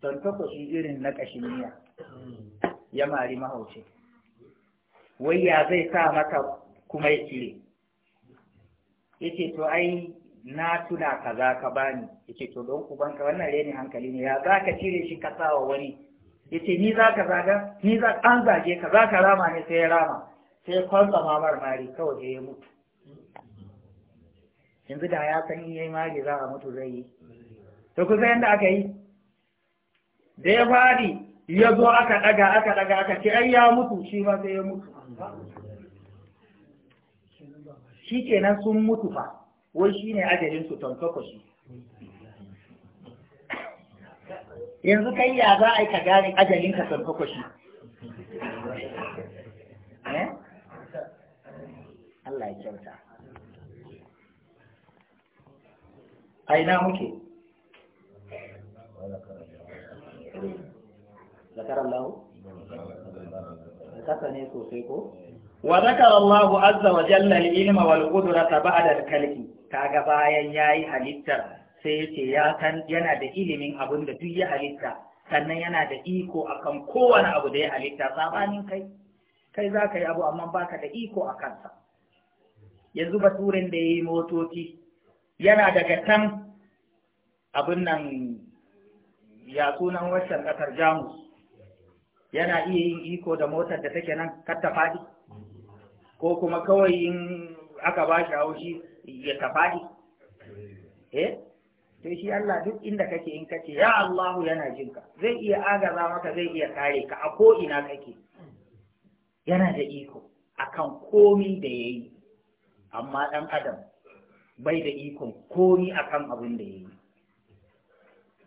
su irin na ƙashin miya hmm. ya mari mahaucin. wai ya zai sa maka kuma ya cire yace to ai na tuna kaza ka bani yace to don ubanka wannan reni hankali ne ya za ka cire shi ka sawa wani yace ni za ka zaga ni za an zage ka za ka rama ne sai ya rama sai kwanza mamar mari kawai ya mutu yanzu da ya san yi mari za a mutu zai yi to kusa yanda aka yi da ya fadi ya zo aka daga aka daga aka ce ai ya mutu shi ma sai ya mutu shi ke nan sun mutu fa wai shi ne ajalin su tantoko shi yanzu kai ya za a yi ka gane ajalin ka tantoko shi eh? Allah ya kyauta aina muke ذكر الله كسني سوسيكو وذكر الله عز وجل العلم والقدرة بعد الكلك kaga bayan yayi halittar sai yace ya san yana da ilimin abin da duk ya halitta sannan yana da iko akan kowane abu da ya halitta sabanin kai kai za ka yi abu amma baka da iko a kansa yanzu baturin da ya yi motoci yana da can abin nan ya sunan waccan ƙasar jamus yana iya yin iko da motar da take nan kar ta faɗi ko kuma kawai yin aka ba shi haushi ya ta faɗi eh to shi Allah duk inda kake in kace ya Allahu yana jinka zai iya agaza maka zai iya kare ka a ko ina kake yana da iko akan komi da yayi amma dan adam bai da ikon komi akan abin da yayi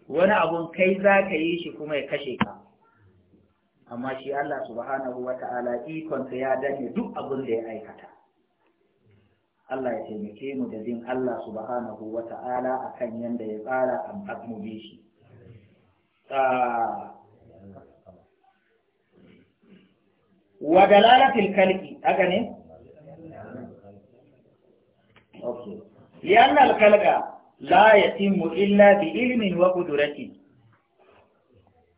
wani abun kai za ka yi shi kuma ya kashe ka amma shi Allah subhanahu wa ta'ala ikonsa ya danne duk abin da ya aikata Allah ya taimake mu da bin Allah subhanahu wa ta'ala akan yanda ya tsara a mu shi ah. wa dalalatil kalbi haka ne okay lianna al kalga la yatimu illa bi ilmin wa qudratin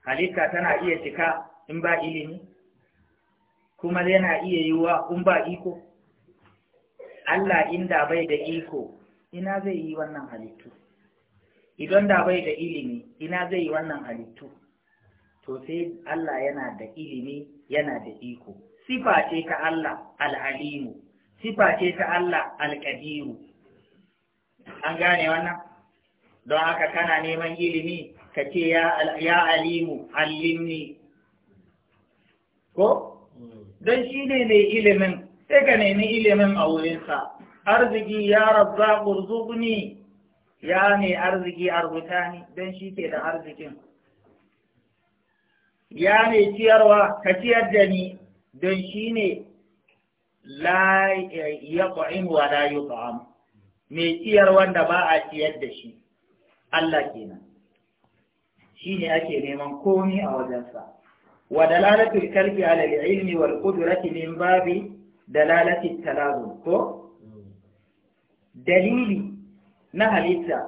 halitta tana iya cika in ba ilimi kuma yana iya yiwuwa in ba iko Allah inda bai da iko ina zai yi wannan halittu idan da bai da ilimi ina zai yi wannan halittu to sai Allah yana da ilimi yana da iko sifa ce ta Allah al al'alimu sifa ce ta Allah al alƙadiru an gane wannan don haka kana neman ilimi ka ce ya alimu allimni ko hmm. dan shi ne mai ilimin sai ka nemi ilimin a wurinsa arziki ya rabba urzuqni ya ne arziki arzuta ni dan shi ke da arzikin ya ne ciyarwa ka ciyar da ni don shi ne la ya wa la yut'am mai ciyar wanda ba a ciyar da shi Allah kenan shi ne ake neman komi a wajensa ودلالة الكلب على العلم والقدرة من باب دلالة التلازم تو دليلي نهلتا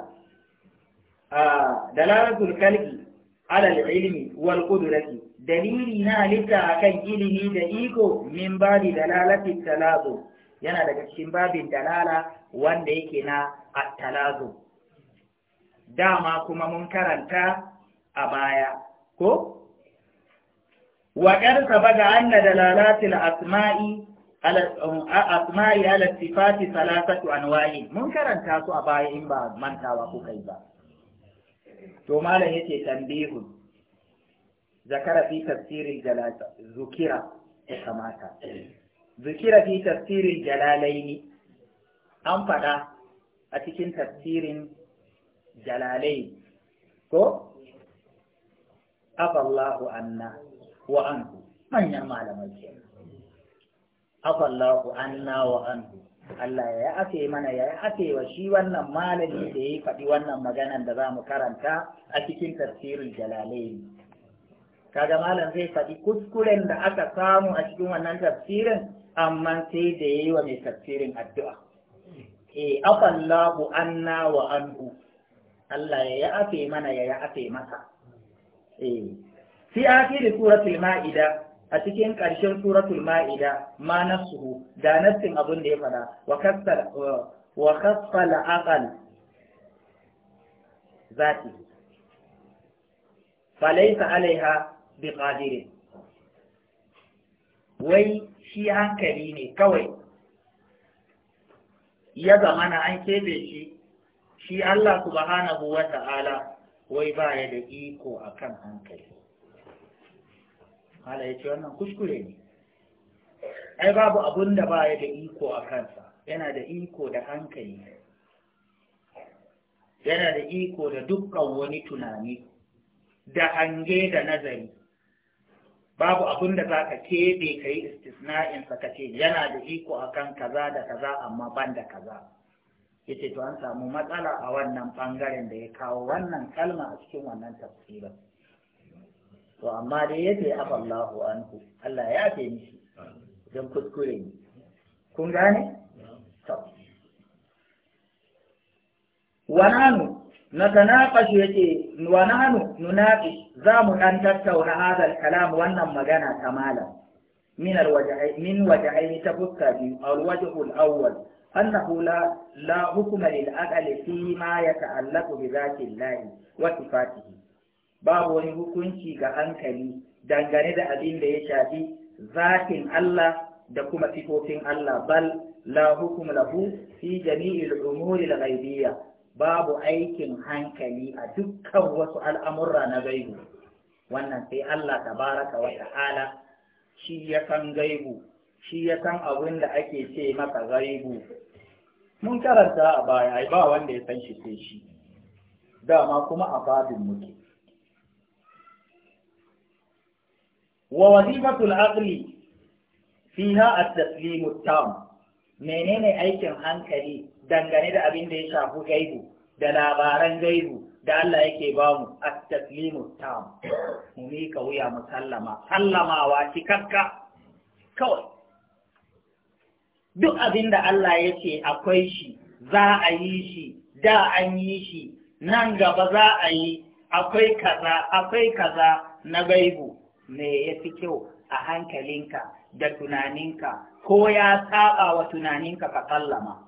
دلالة الكلب على العلم والقدرة دليلي نهلتا أكن إلمي دقيقو من باب دلالة التلازم yana daga cikin babin dalala wanda yake na attalazo dama kuma mun karanta a baya ko Waƙarsa ba ga anna lalatuna Asma'i um, a Latifatu Salasa to an waye, mun karanta su a baya in ba mantawa kuka yi ba. To malam yace ce tambayi kun, jaka da tasirin Zukira ya kamata. Zukira fiye da tasirin an faɗa a cikin tasirin Jalilai ko Abdullahu Anna. wa anhu manyan malamai ke afallahu anna wa anhu Allah ya afe mana ya afe wa shi wannan malami da ya faɗi wannan maganan da za mu karanta a cikin tafsirin jalalaini kaga malam zai faɗi kuskuren da aka samu a cikin wannan tafsirin amma sai da yayi wa mai tafsirin addu'a eh afallahu anna wa anhu Allah ya yafe mana ya yafe masa eh fi akhiri suratul ma'ida a cikin ƙarshen suratul ma'ida ma nasuhu da nassin abin da ya faɗa wa kasal wa kasal aqal zati falaysa alaiha biqadirin wai shi hankali ne kawai ya zamana an keɓe shi shi Allah subhanahu wa ta'ala wai ba ya da iko akan hankali Allah ya ce wannan kuskure ne ai babu abun da ba ya da iko a kansa yana da iko da hankali yana da iko da dukkan wani tunani da hange da nazari babu abun da za ka keɓe ka yi istisna'insa ka ce yana da iko a kan kaza da kaza amma ban da kaza yace to an samu matsala a wannan ɓangaren da ya kawo wannan kalma a cikin wannan tafsirin to amma dai afa Allahu anhu Allah ya ce mishi don kuskure ne kun gane to wa nanu yace za mu dan tattauna hadal kalam wannan magana ta malam من الوجهين من وجهين la الوجه الأول أنه لا لا حكم للأقل فيما يتعلق بذات الله وصفاته babu wani hukunci ga hankali dangane da abin da ya shafi zakin Allah da kuma sifofin Allah bal la hukum lahu fi jami'il umuri al-ghaibiyya babu aikin hankali a dukkan wasu al'amurra na gaibu wannan sai Allah tabaraka wa ta'ala shi ya san gaibu shi ya san abin da ake ce maka gaibu mun karanta a baya ba wanda ya san shi sai shi dama kuma a fadin muke ووظيفة العقل فيها التسليم التام menene aikin hankali dangane da abin da ya shafi gaibu da labaran gaibu da Allah yake bamu at-taslimu tam mu mika wuya mu sallama sallamawa cikakka kawai duk abin da Allah yake akwai shi za a yi shi da an yi shi nan gaba za a yi akwai kaza akwai kaza na gaibu me ya fi kyau a hankalinka da tunaninka ko ya saba wa tunaninka ka kallama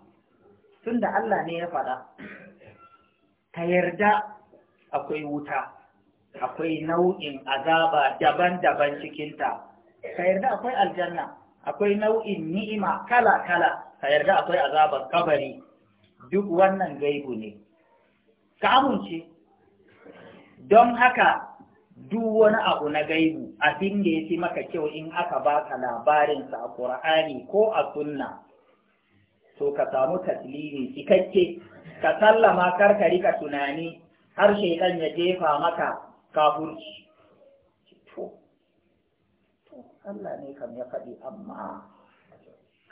tunda Allah ne ya faɗa ka yarda akwai wuta akwai nau'in azaba daban-daban cikinta ka yarda akwai aljanna akwai nau'in ni'ima kala-kala ka yarda akwai azabar kabari duk wannan gaibu ne ka amince don haka duk wani abu na gaibu abin da ya fi maka kyau in aka baka labarinsa a ƙur'ani ko a sunna to ka samu taslimi cikakke ka sallama kar ka rika tunani har shaidan ya jefa maka kafurci to Allah ne kam ya faɗi amma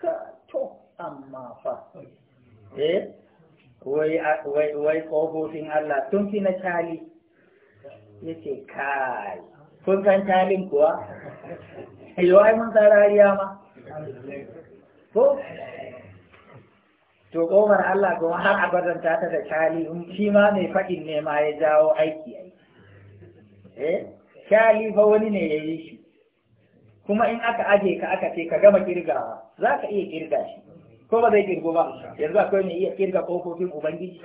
ka to amma fa eh wai wai Allah tun fi na chali. ya ce kai kun san talin kuwa yau ai mun ma ko to ƙofar Allah kuma har abadanta ta da kali shi ma mai faɗin ne ma ya jawo aiki eh kali fa wani ne ya yi shi kuma in aka aje ka aka ce ka gama kirgawa za ka iya kirga shi ko ba zai kirgo ba yanzu akwai ne iya kirga kofofin ubangiji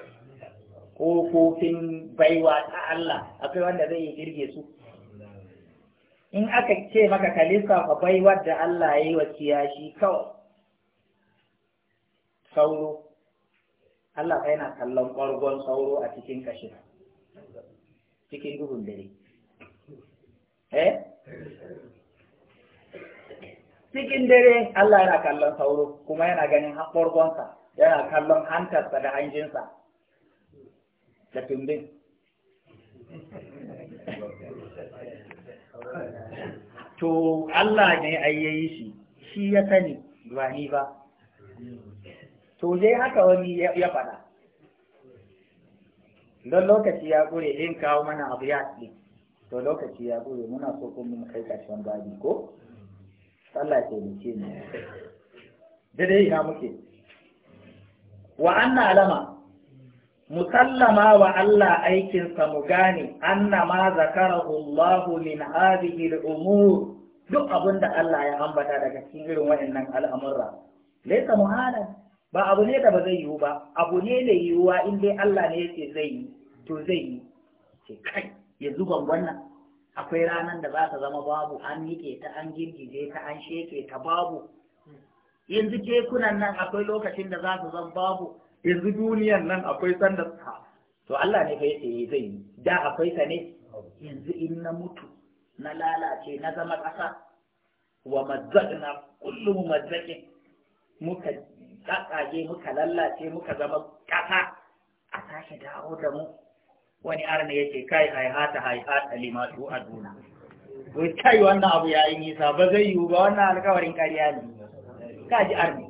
ƙofofin baiwa ta Allah akwai wanda zai yi girge su in aka ce maka ka lissafa baiwar da Allah ya yi wa kiyashi kawai sauro Allah fa yana kallon ƙwargon sauro a cikin kashin cikin duhun dare eh cikin dare Allah yana kallon sauro kuma yana ganin ƙwargonsa yana kallon hantarsa da hanjinsa da tumbin to Allah ne ai shi shi ya sani ba ni ba to dai haka wani ya faɗa don lokaci ya ƙure in kawo mana abu ya ɗi to lokaci ya ƙure muna so kun mun kai ƙarshen babi ko Allah ce mu ce mu dai ina muke wa anna alama musallama wa Allah aikinsa mu gane annama zakarahu Allah min hadhihi al-umur duk abin da Allah ya ambata daga cikin irin waɗannan al'amurra laysa muhala ba abu ne da ba zai yiwu ba abu ne da yiwuwa in dai Allah ne yake zai to zai yi ce kai ya wannan akwai ranar da za ta zama babu an miƙe ta an girgije ta an sheke ta babu yanzu kekunan nan akwai lokacin da za su zama babu yanzu duniyan nan akwai sanda ta to Allah ne kai sai zai yi da akwai sa ne yanzu in na mutu na lalace na zama ƙasa wa mazzaqna kullu mumazzaqin muka tsakage muka lalace, muka zama ƙasa a sake dawo da mu wani arna yake kai haihata haihata Limatu, tu aduna kai wannan abu yayi nisa ba zai yiwu ba wannan alƙawarin ƙarya ne kaji arni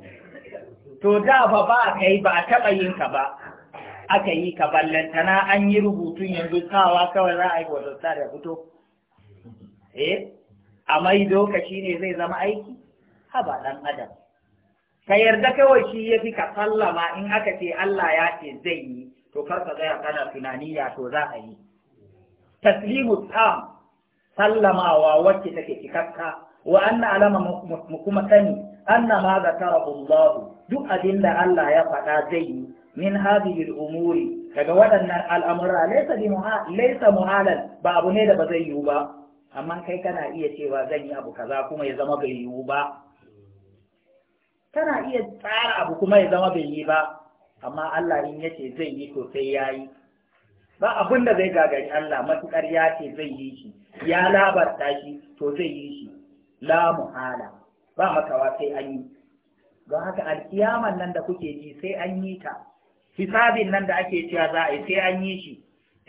to da ba ba ka ba a taɓa yin ka ba aka yi ka ballantana an yi rubutun yanzu sawa kawai za a yi wata da fito eh a mai lokaci ne zai zama aiki haba ɗan adam ka yarda kawai shi ya fi ka sallama in aka ce Allah ya ce zai yi to kar ka tsaya kana tunani ya to za a yi taslimu tam sallamawa wacce take cikakka wa anna alama mu kuma sani anna ma zakarahu Allah duk abin da Allah ya faɗa zai yi min hadhihi umuri daga waɗannan al'amura laysa bi laysa muhalal ba abu ne da ba zai yiwu ba amma kai kana iya cewa zan yi abu kaza kuma ya zama bai yiwu ba kana iya tsara abu kuma ya zama bai yi ba amma Allah in yace zai yi to sai yayi ba abin da zai gagari Allah matukar ya ce zai yi shi ya labarta shi to zai yi shi la muhala ba makawa sai an yi don haka alkiyaman nan da kuke ji sai an yi ta hisabin nan da ake cewa za a yi sai an yi shi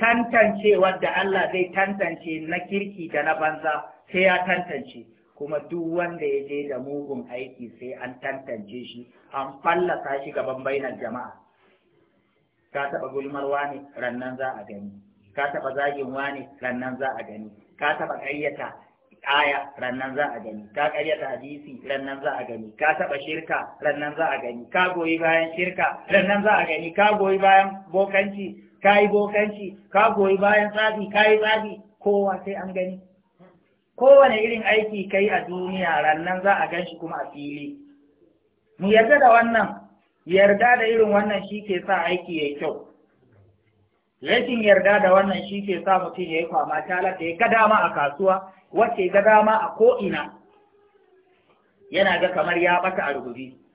Tantance da Allah zai tantance na kirki da na banza sai ya tantance kuma duk wanda ya je da mugun aiki sai an tantance shi an fallasa shi gaban bainar jama'a ka taɓa gulmar wani rannan za a gani ka taɓa zagin wani rannan za a gani ka taɓa ƙayyata aya rannan za a gani ka ta hadisi rannan za a gani ka taba shirka rannan za a gani ka goyi bayan shirka rannan za a gani ka goyi bayan bokanci ka yi bokanci ka goyi bayan tsafi ka yi tsafi kowa sai an gani kowane irin aiki kai a duniya rannan za a gan shi kuma a fili mu yarda da wannan yarda da irin wannan shi ke sa aiki ya kyau rashin yarda da wannan shi ke sa mutum ya yi kwama talar da ya ga dama a kasuwa wacce ga dama a ko'ina yana ga kamar ya bata a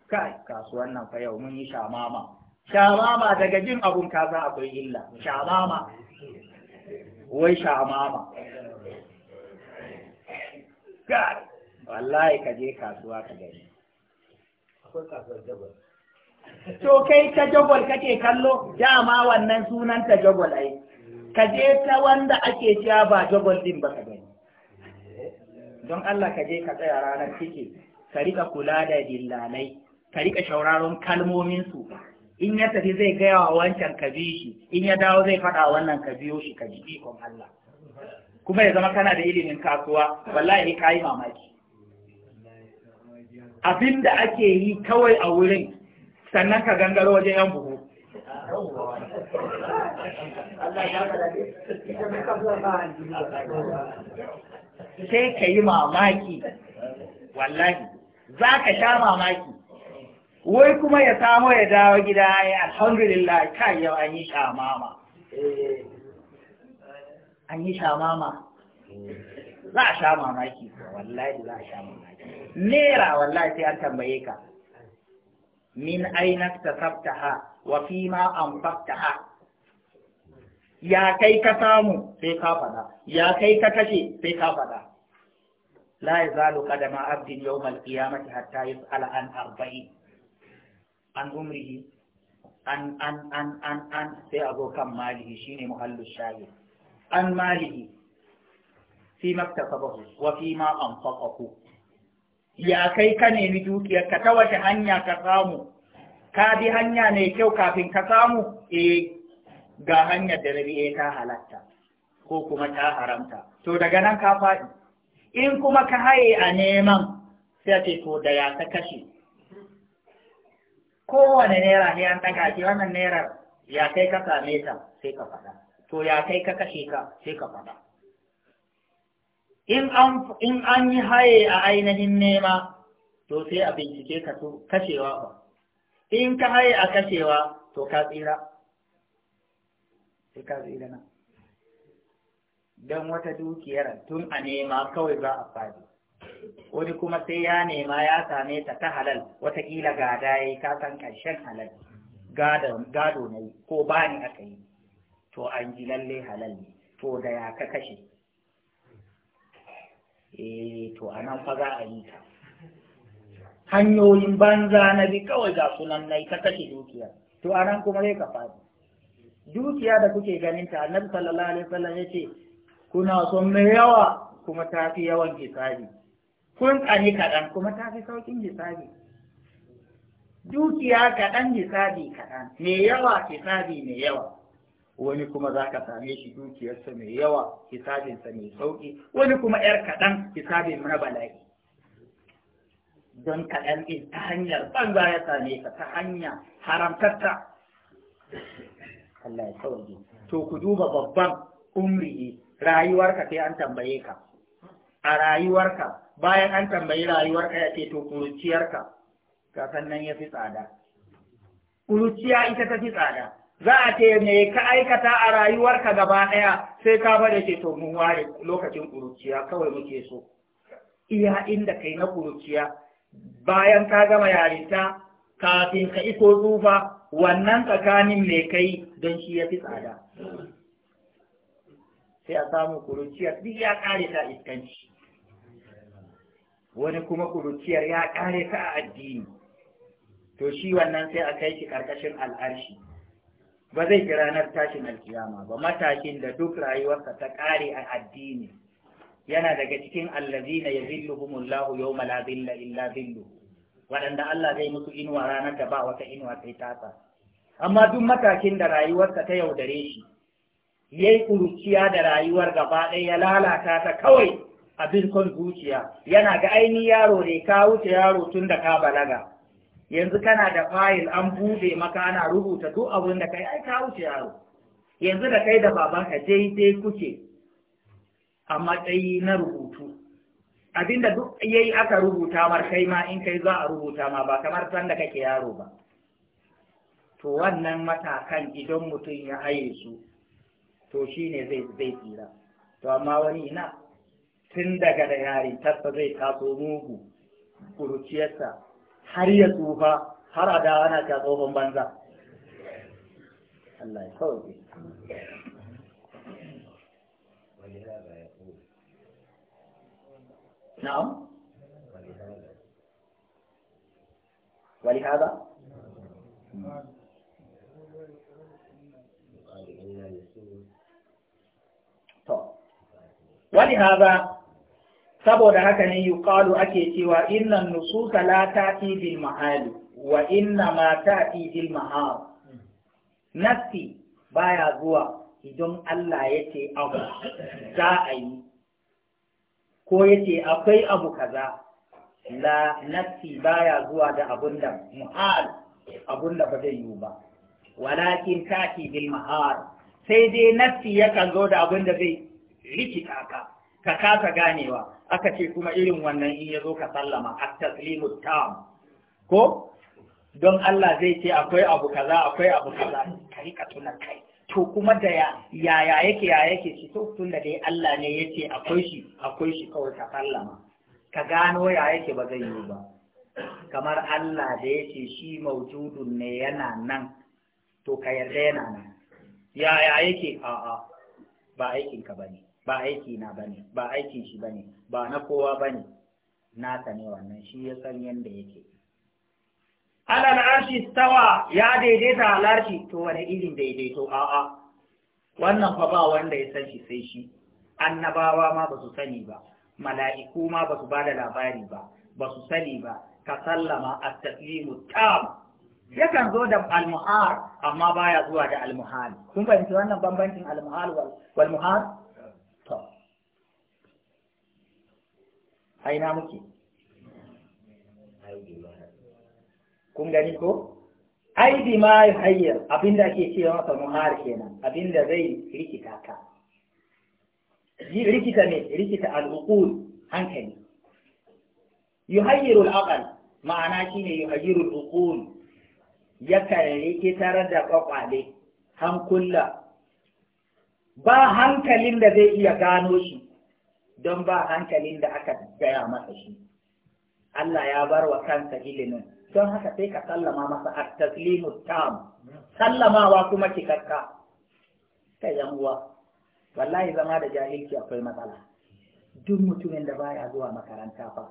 kai kasuwan nan fa yau mun yi shamama shamama daga jin abun kaza akwai illa shamama wai shamama kai wallahi ka je kasuwa ka gani to kai ta jagwal kake kallo dama wannan sunan ta jagwal ai ka je ta wanda ake cewa ba jagwal din ba ka gani don Allah ka je ka tsaya ranar ciki ka riƙa kula da dillalai ka riƙa shauraron kalmomin su, in ya tafi zai gaya wa wancan ka bi shi in ya dawo zai faɗa wannan ka biyo shi ka ji ikon Allah kuma ya zama kana da ilimin kasuwa wallahi ka yi mamaki abin da ake yi kawai a wurin sannan ka gangaro wajen yan buhu Allah ya sai ka yi mamaki wallahi za ka sha mamaki wai kuma ya samo ya dawo gida ya alhamdulillah kai yau an yi shamama an yi shamama za a sha mamaki wallahi za a sha mamaki Nera, wallahi sai an tambaye ka min aina ta ha wa fi ma an ha ya kai ka samu sai ka faɗa ya kai ka kashe sai ka faɗa la yazalu qadama abdin yawm alqiyamati hatta yus'ala an arba'in an umrihi an an an an an sai a zo kan malihi shine muhallu shayi an malihi fi maktasabahu wa fi ma anfaqahu ya kai ka nemi Ka ta wace hanya ka samu ka bi hanya ne kyau kafin ka samu eh ga hanyar da rabi'e ta halatta ko kuma ta haramta to daga nan ka faɗi in kuma ka haye a neman sai ce to da ya ta kashe kowane naira ne an ɗaga ce wannan naira ya kai ka same ta sai ka faɗa to ya kai ka kashe ka sai ka faɗa in an yi haye a ainihin nema to sai a bincike ka kashewa ba in ka haye a kashewa to ka tsira sai ka zai don wata dukiyar tun a nema kawai za a fadi wani kuma sai ya nema ya same ta ta halal watakila gada ya yi kasan ƙarshen halal gado na yi ko ba ni aka yi to an ji lalle halal ne to da ya ka kashe eh to a nan fa za a yi ta hanyoyin banza na bi kawai ga sunan na yi ka kashe dukiyar to a nan kuma zai ka fadi dukiya da kuke ganinta annabi sallallahu alaihi wasallam yace kuna son mai yawa kuma tafi yawan hisabi kun tsani kaɗan kuma tafi saukin hisabi dukiya kaɗan hisabi kaɗan mai yawa hisabi mai yawa wani kuma za ka same shi dukiyarsa mai yawa hisabinsa mai sauki wani kuma ‘yar kaɗan hisabin na bala'i don kaɗan ɗin ta hanyar banza ya same ka ta hanya haramtatta Allah ya sauke to ku duba babban umri rayuwarka sai an tambaye ka a rayuwarka bayan an tambayi rayuwarka ya ce to kuruciyarka ka sannan ya fi tsada kuruciya ita ta fi tsada za a ce me ka aikata a rayuwarka gaba ɗaya sai ka bada ce to mun ware lokacin kuruciya kawai muke so iya inda kai na kuruciya bayan ka gama yarinta kafin ka iso tsufa wannan tsakanin me kai don shi ya fi tsada sai a samu kuruciyar duk ya kare ta iskanci wani kuma kuruciyar ya kare ta a addini to shi wannan sai a kai shi karkashin al'arshi ba zai fi ranar tashin alkiyama ba matashin da duk rayuwarsa ta kare a addini yana daga cikin allazina yazilluhumullahu yawma la zilla illa zillu. waɗanda Allah zai musu inuwa ranar da ba wata inuwa sai tasa amma duk matakin da rayuwarsa ta yaudare shi ya yi ƙuruciya da rayuwar gaba ɗaya ya lalata ta kawai abin son zuciya yana ga aini yaro ne ka wuce yaro tun da ka balaga yanzu kana da fayil an buɗe maka ana rubuta duk abin da kai ai ka wuce yaro yanzu da kai da babanka daidai kuke a matsayi na rubutu abinda duk yayi aka rubuta mar kai ma in kai za a rubuta ma ba kamar sanda kake yaro ba to wannan matakan idan mutum ya haye su to shi ne zai zai tsira to amma wani ina tun daga da yari tasa zai taso mugu kuruciyarsa har ya tsufa har a dawa na tsohon banza Allah ya sauke na'am wani haza saboda haka ne yuqalu ake cewa innan nususa la fi bil mahali wa inna ma fi bil mahal nafsi baya zuwa idan Allah ya ce abu za a yi ko ya ce akwai abu kaza la nafsi baya zuwa da abun da muhal abun da ba zai yiwu ba walakin fi bil mahal sai dai nafsi yakan zo da abun da zai rikita ka ka kasa ganewa aka ce kuma irin wannan in ya zo ka sallama at taslimu tam ko don Allah zai ce akwai abu kaza akwai abu kaza ka tuna kai to kuma da ya, yaya yake ya yake shi to tun da dai Allah ne ya ce akwai shi akwai shi kawai ka sallama ka gano ya yake ba zai yi ba kamar Allah da ya shi maujudun ne yana nan to ka yarda yana nan yaya yake a'a ba aikin ka ne ba aiki na bane ba aikin shi bane ba na kowa bane nasa ne wannan shi ya san yanda yake alal arshi stawa ya daidaita al arshi to wani irin daidaito a'a wannan fa ba wanda ya san shi sai shi annabawa ma ba su sani ba mala'iku ma ba su ba da labari ba ba su sani ba ka sallama at-taslimu tam yakan zo da al-muhar amma baya zuwa da al-muhal kun fahimci wannan bambancin al-muhal wal muhar to aina muke kun gani ko aidi ma hayyar abinda ake cewa masa muhar kenan abinda zai rikita ka rikita ne rikita al'uqul hankali yuhayyiru al'aqal ma'ana shine yuhayyiru al'uqul yakan rikitar da kwakwale hankula ba hankalin da zai iya gano shi don ba hankalin da aka gaya masa shi Allah ya bar wa kansa ilimin don haka sai ka sallama masa a taslimu tam sallamawa kuma cikakka kai yan uwa wallahi zama da jahilci akwai matsala duk mutumin da baya zuwa makaranta fa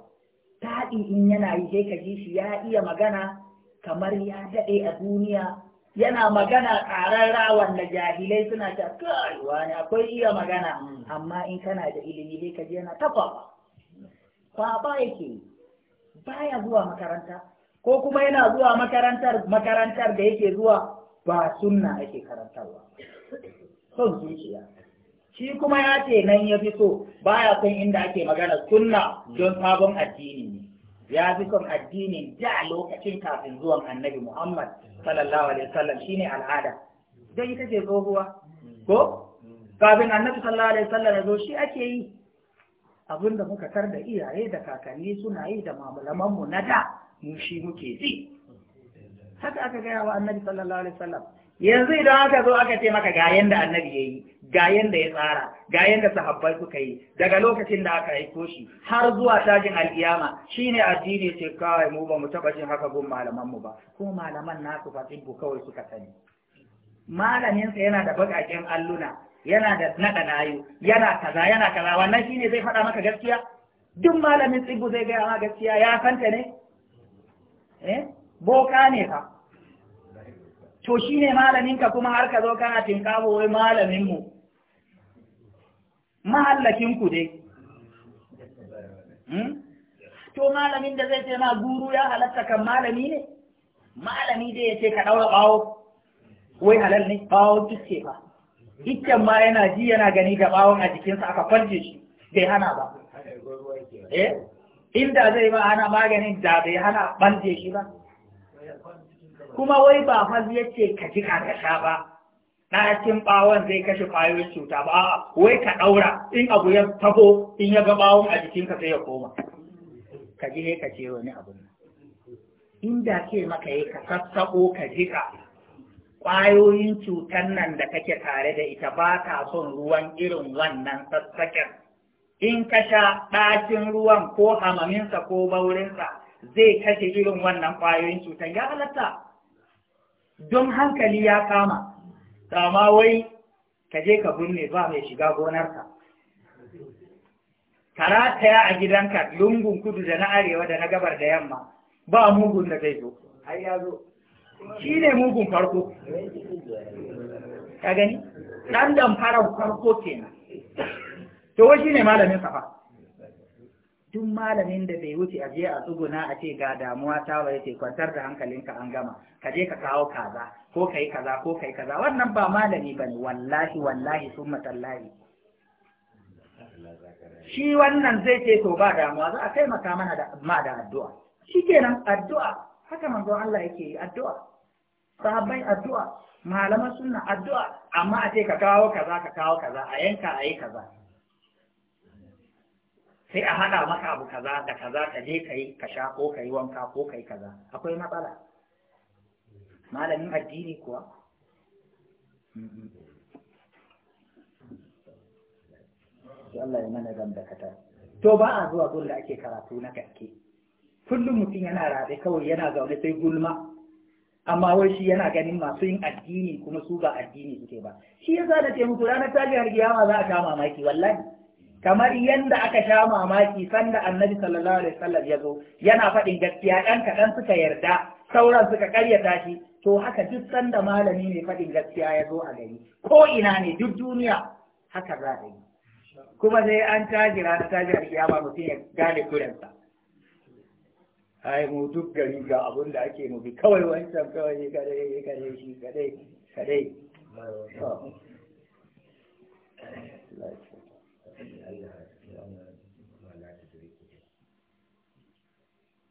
taɗi in yana yi sai ka ji shi ya iya magana kamar ya daɗe a duniya yana magana rawan da jahilai suna ta kaiwa wani akwai iya magana amma in kana da ilimi ne ka je yana ta kwaba yake baya zuwa makaranta ko kuma yana zuwa makarantar makarantar da yake zuwa ba sunna ake karantarwa son zuciya shi kuma ya ce nan ya fi so baya son inda ake magana sunna don sabon addini ne ya fi son addinin da lokacin kafin zuwan annabi Muhammad sallallahu alaihi wasallam shine al'ada dai ita ce tsohuwa hmm. ko hmm. kafin annabi sallallahu alaihi wasallam ya zo shi ake yi abinda muka tar da iyaye da kakanni suna yi da mamulaman mu na da mu shi muke ji haka aka gaya wa annabi sallallahu alaihi wasallam yanzu idan aka zo aka ce maka ga da annabi ya yi ga yanda ya tsara ga da sahabbai suka yi daga lokacin da aka haifo shi har zuwa tajin alkiyama shine addini ce kawai mu ba mu taba jin haka gun malaman mu ba ko malaman nasu fatibu kawai suka sani malamin sa yana da bakaken alluna yana da nada nayo yana kaza yana kaza wannan shine zai faɗa maka gaskiya duk malamin tsibbu zai gaya ma gaskiya ya santa ne eh boka ne fa to shi ne malaminka kuma har ka zo kana tinkawo wai malaminmu mahallakinku dai hmm? to malamin da zai ce ma guru ya halatta kan malami ne malami dai ya ce ka ɗaura ɓawo wai halal ne ɓawon ce ba iccen ma yana ji yana gani ga ɓawon a jikinsa aka kwalce shi bai hana ba eh inda zai ba hana maganin da bai hana ɓalje shi ba kuma wai ba fal yace ka jika ka sha ba cikin ɓawon zai kashe kwayoyin cuta ba wai ka ɗaura in abu ya taho in ya ga ɓawon a jikinka sai ya koma ka ne ka ce wani abu inda ke maka yi ka sassaɓo ka jika ƙwayoyin cutan nan da kake tare da ita ba ta son ruwan irin wannan sassaƙen in ka sha ɗakin ruwan ko hamaminsa ko baurinsa zai kashe irin wannan ƙwayoyin cutan ya halatta don hankali ya kama kama wai ka je ka binne ba mai shiga gonarka karataya a gidanka lungun kudu da na arewa da na gabar da yamma ba mugun da zai zo ai ya zo shi ne mugun farko ka gani Ɗan dan farko kenan to shi ne malamin safa duk malamin da bai wuce a a tsuguna a ce ga damuwa ta ba ce kwantar da hankalinka an gama ka je ka kawo kaza ko kai kaza ko kai kaza wannan ba malami bane wallahi wallahi sun tallahi shi wannan zai ce to ba damuwa za a taimaka mana da ma da addu'a nan addu'a haka manzo Allah yake yi addu'a sahabbai addu'a malaman sunna addu'a amma a ce ka kawo kaza ka kawo kaza a yanka a yi kaza sai a hada maka abu kaza da kaza ka je kai ka sha ko kai wanka ko kai kaza akwai matsala malamin addini kuwa Allah ya mana zan dakata to ba a zuwa gurin da ake karatu na gaske kullum mutum yana rabe kawai yana zaune sai gulma amma wai shi yana ganin masu yin addini kuma su ba addini suke ba shi yasa da ce ranar tajiyar giyawa za a sha mamaki wallahi kamar yadda aka sha mamaki sanda annabi sallallahu alaihi wasallam ya zo yana faɗin gaskiya ɗan kaɗan suka yarda sauran suka karyata shi to haka duk sanda malami ne faɗin gaskiya ya zo a gari ko ina ne duk duniya haka za a yi kuma sai an taji ranar tajiyar kiyama mutum ya gane kurensa ai mu duk gari ga abun da ake nufi kawai wancan kawai ne kadai kadai shi kadai kadai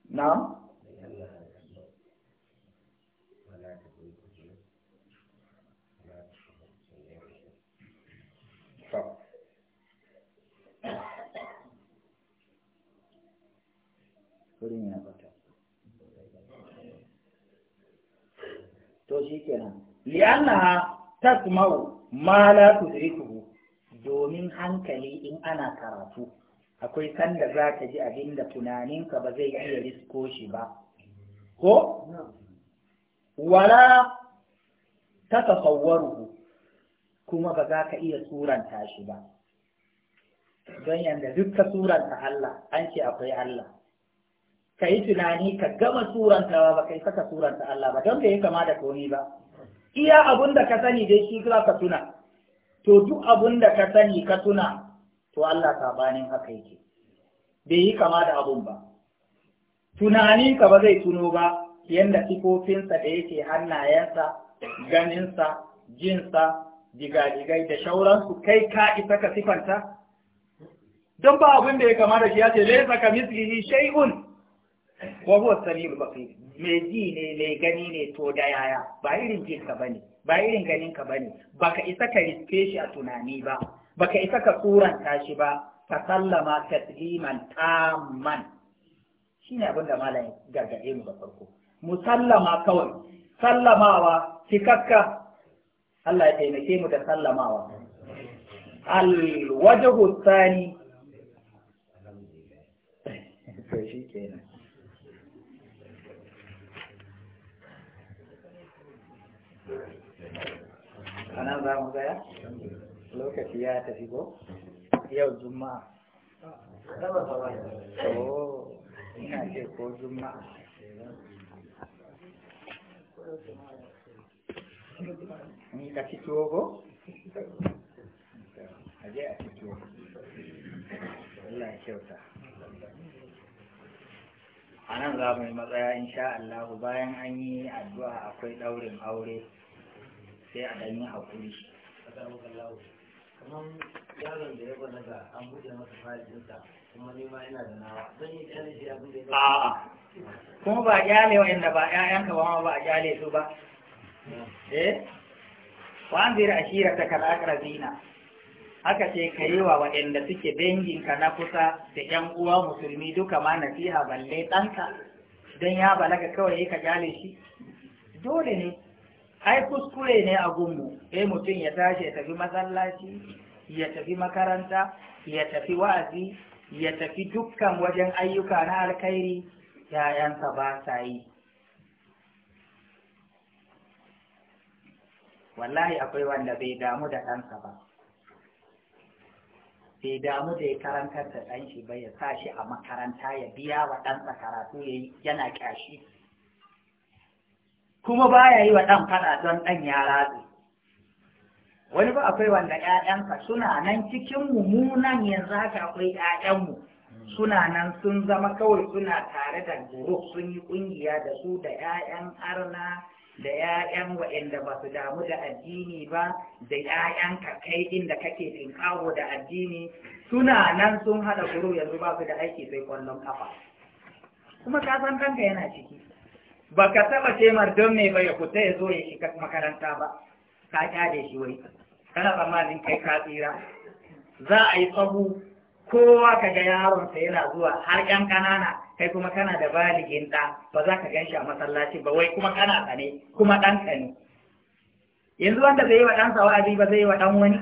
نعم wurin to shi kenan ma la domin hankali in ana karatu akwai sanda za ka ji abinda tunaninka ba zai iya risko shi ba ko wala ta tasawwaruhu kuma ba za ka iya suranta shi ba don yanda duk ka suranta Allah an ce akwai Allah ka yi tunani ka gama surantawa ba kai saka suranta Allah ba don da ya kama da komi ba iya abun da ka sani dai shi za ka tuna to duk abun da ka sani ka tuna to Allah sabanin haka yake bai yi kama da abun ba ka ba zai tuno ba yadda sifofinsa da yake hannayensa ganinsa jinsa digadigai da shauransu kai ka isa ka sifanta don ba abin da ya kama da shi ya ce laisa ka mislihi shay'un wa huwa as-sami'ul basir mai ji ne mai gani ne to da yaya ba irin ji ka bane ba irin ganin ka bane baka isa ka riske shi a tunani ba baka isa ka kuranta shi ba ka sallama tasliman tamman shine abin da malam gargaɗe mu da farko mu sallama kawai sallamawa cikakka Allah ya taimake mu da sallamawa alwajahu tsani to anan za mu gaya lokaci ya tafi ko yau juma'a oh ina ce ko juma'a ni ka ci tuwo ko a je a ci tuwo Allah ya kyauta a nan za mu yi matsaya insha Allah bayan an yi addu'a akwai ɗaurin aure sai a dan yi hakuri yaron da ya an buɗe masa kuma ba a ina da nawa zan yi shi abin da ya kuma ba kyale wa'anda ba ƴaƴanka ba ma ba a kyale su ba eh wa an zira ashira ta kala akrabina haka ce ka yi wa waɗanda suke ka na kusa da ƴan uwa musulmi duka ma nasiha balle ɗanka don ya balaga kawai ka kyale shi dole ne ai kuskure ne a gunmu eh mutum ya tashi ya tafi masallaci ya tafi makaranta ya tafi wa'azi ya tafi dukkan wajen ayyuka na alkhairi ‘ya'yansa ba sa yi wallahi akwai wanda bai damu da ɗansa ba bai damu da ya karantar da ɗanshi ba ya sa shi a makaranta ya biya wa ɗansa karatu yana ƙyashi kuma baya yi wa ɗan faɗa don ɗan ya ratse wani ba akwai wanda ‘ya'yanka suna nan cikin mummunan yanzu haka akwai ‘ya'yanmu suna nan sun zama kawai suna tare da guruf sun yi ƙungiya da su da ‘ya'yan arna da ‘ya'yan waɗanda ba su damu da addini ba da ‘ya'yan kai inda kake tinkawo da addini suna nan sun haɗa guru yanzu ba su da aiki sai kwallon kafa kuma ka san kanka yana ciki ba ka taɓa ce mar don me ba ya fita ya zo ya shiga makaranta ba ka kyale shi wai kana tsammanin kai ka tsira za a yi tsabu kowa ka ga yaronsa yana zuwa har ƴan ƙanana kai kuma kana da baligin ɗa ba za ka gan shi a masallaci ba wai kuma kana tsane kuma ɗan ka ne yanzu wanda zai yi wa ɗansa wa'azi ba zai yi wa ɗan wani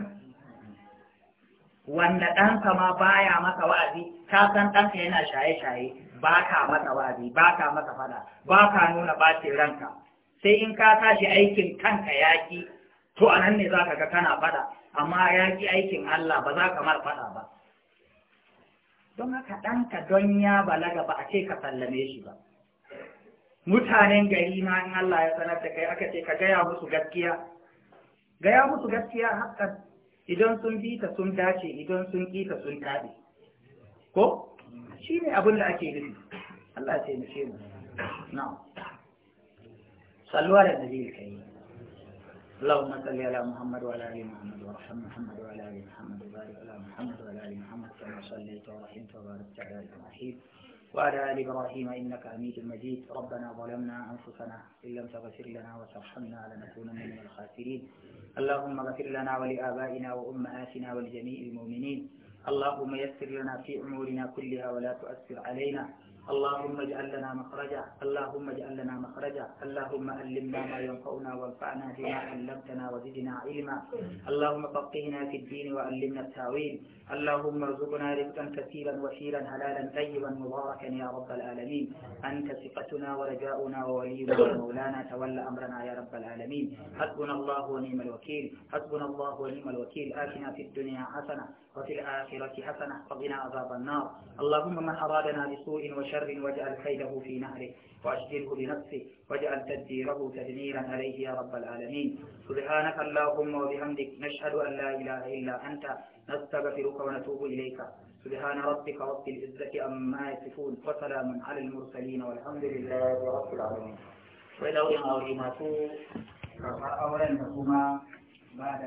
wanda ɗansa ma baya masa wa'azi ka san ɗanka yana shaye-shaye ba ka masa wazi ba ka masa fada ba ka nuna bacin ranka sai in ka tashi aikin kanka yaki to a nan ne za ka ga kana fada amma yaki aikin Allah ba za ka mar fada ba don haka ɗanka don ya balaga ba a ce ka sallame shi ba mutanen gari ma in Allah ya sanar da kai aka ce ka gaya musu gaskiya gaya musu gaskiya hakan idan sun bi ta sun dace idan sun ƙi ta sun kaɗe ko شيني أقول لك da الله nufi نعم ya taimake mu na'am اللهم صل على محمد وعلى ال محمد وارحم محمد وعلى ال محمد وبارك على محمد وعلى ال محمد كما صليت ورحمت وباركت على ابراهيم وعلى ال ابراهيم انك حميد مجيد ربنا ظلمنا انفسنا ان لم تغفر لنا وترحمنا لنكونن من الخاسرين اللهم اغفر لنا ولابائنا وامهاتنا ولجميع المؤمنين اللهم يسر لنا في أمورنا كلها ولا تؤثر علينا اللهم اجعل لنا مخرجا اللهم اجعل لنا مخرجا اللهم علمنا ما ينفعنا وانفعنا بما علمتنا وزدنا علما اللهم فقهنا في الدين وعلمنا التاويل اللهم ارزقنا رزقا كثيرا وشيرا حلالا طيبا مباركا يا رب العالمين انت ثقتنا ورجاؤنا وولينا ومولانا تولى امرنا يا رب العالمين حسبنا الله ونعم الوكيل حسبنا الله ونعم الوكيل اتنا في الدنيا حسنه وفي الآخرة حسنة وقنا عذاب النار اللهم من أرادنا بسوء وشر واجعل كيده في نهره وأشجره بنفسه واجعل تدبيره تدميرا عليه يا رب العالمين سبحانك اللهم وبحمدك نشهد أن لا إله إلا أنت نستغفرك ونتوب إليك سبحان ربك رب العزة أما يصفون وسلام على المرسلين والحمد لله رب العالمين ولو إن أولي ما أولا لكما بعد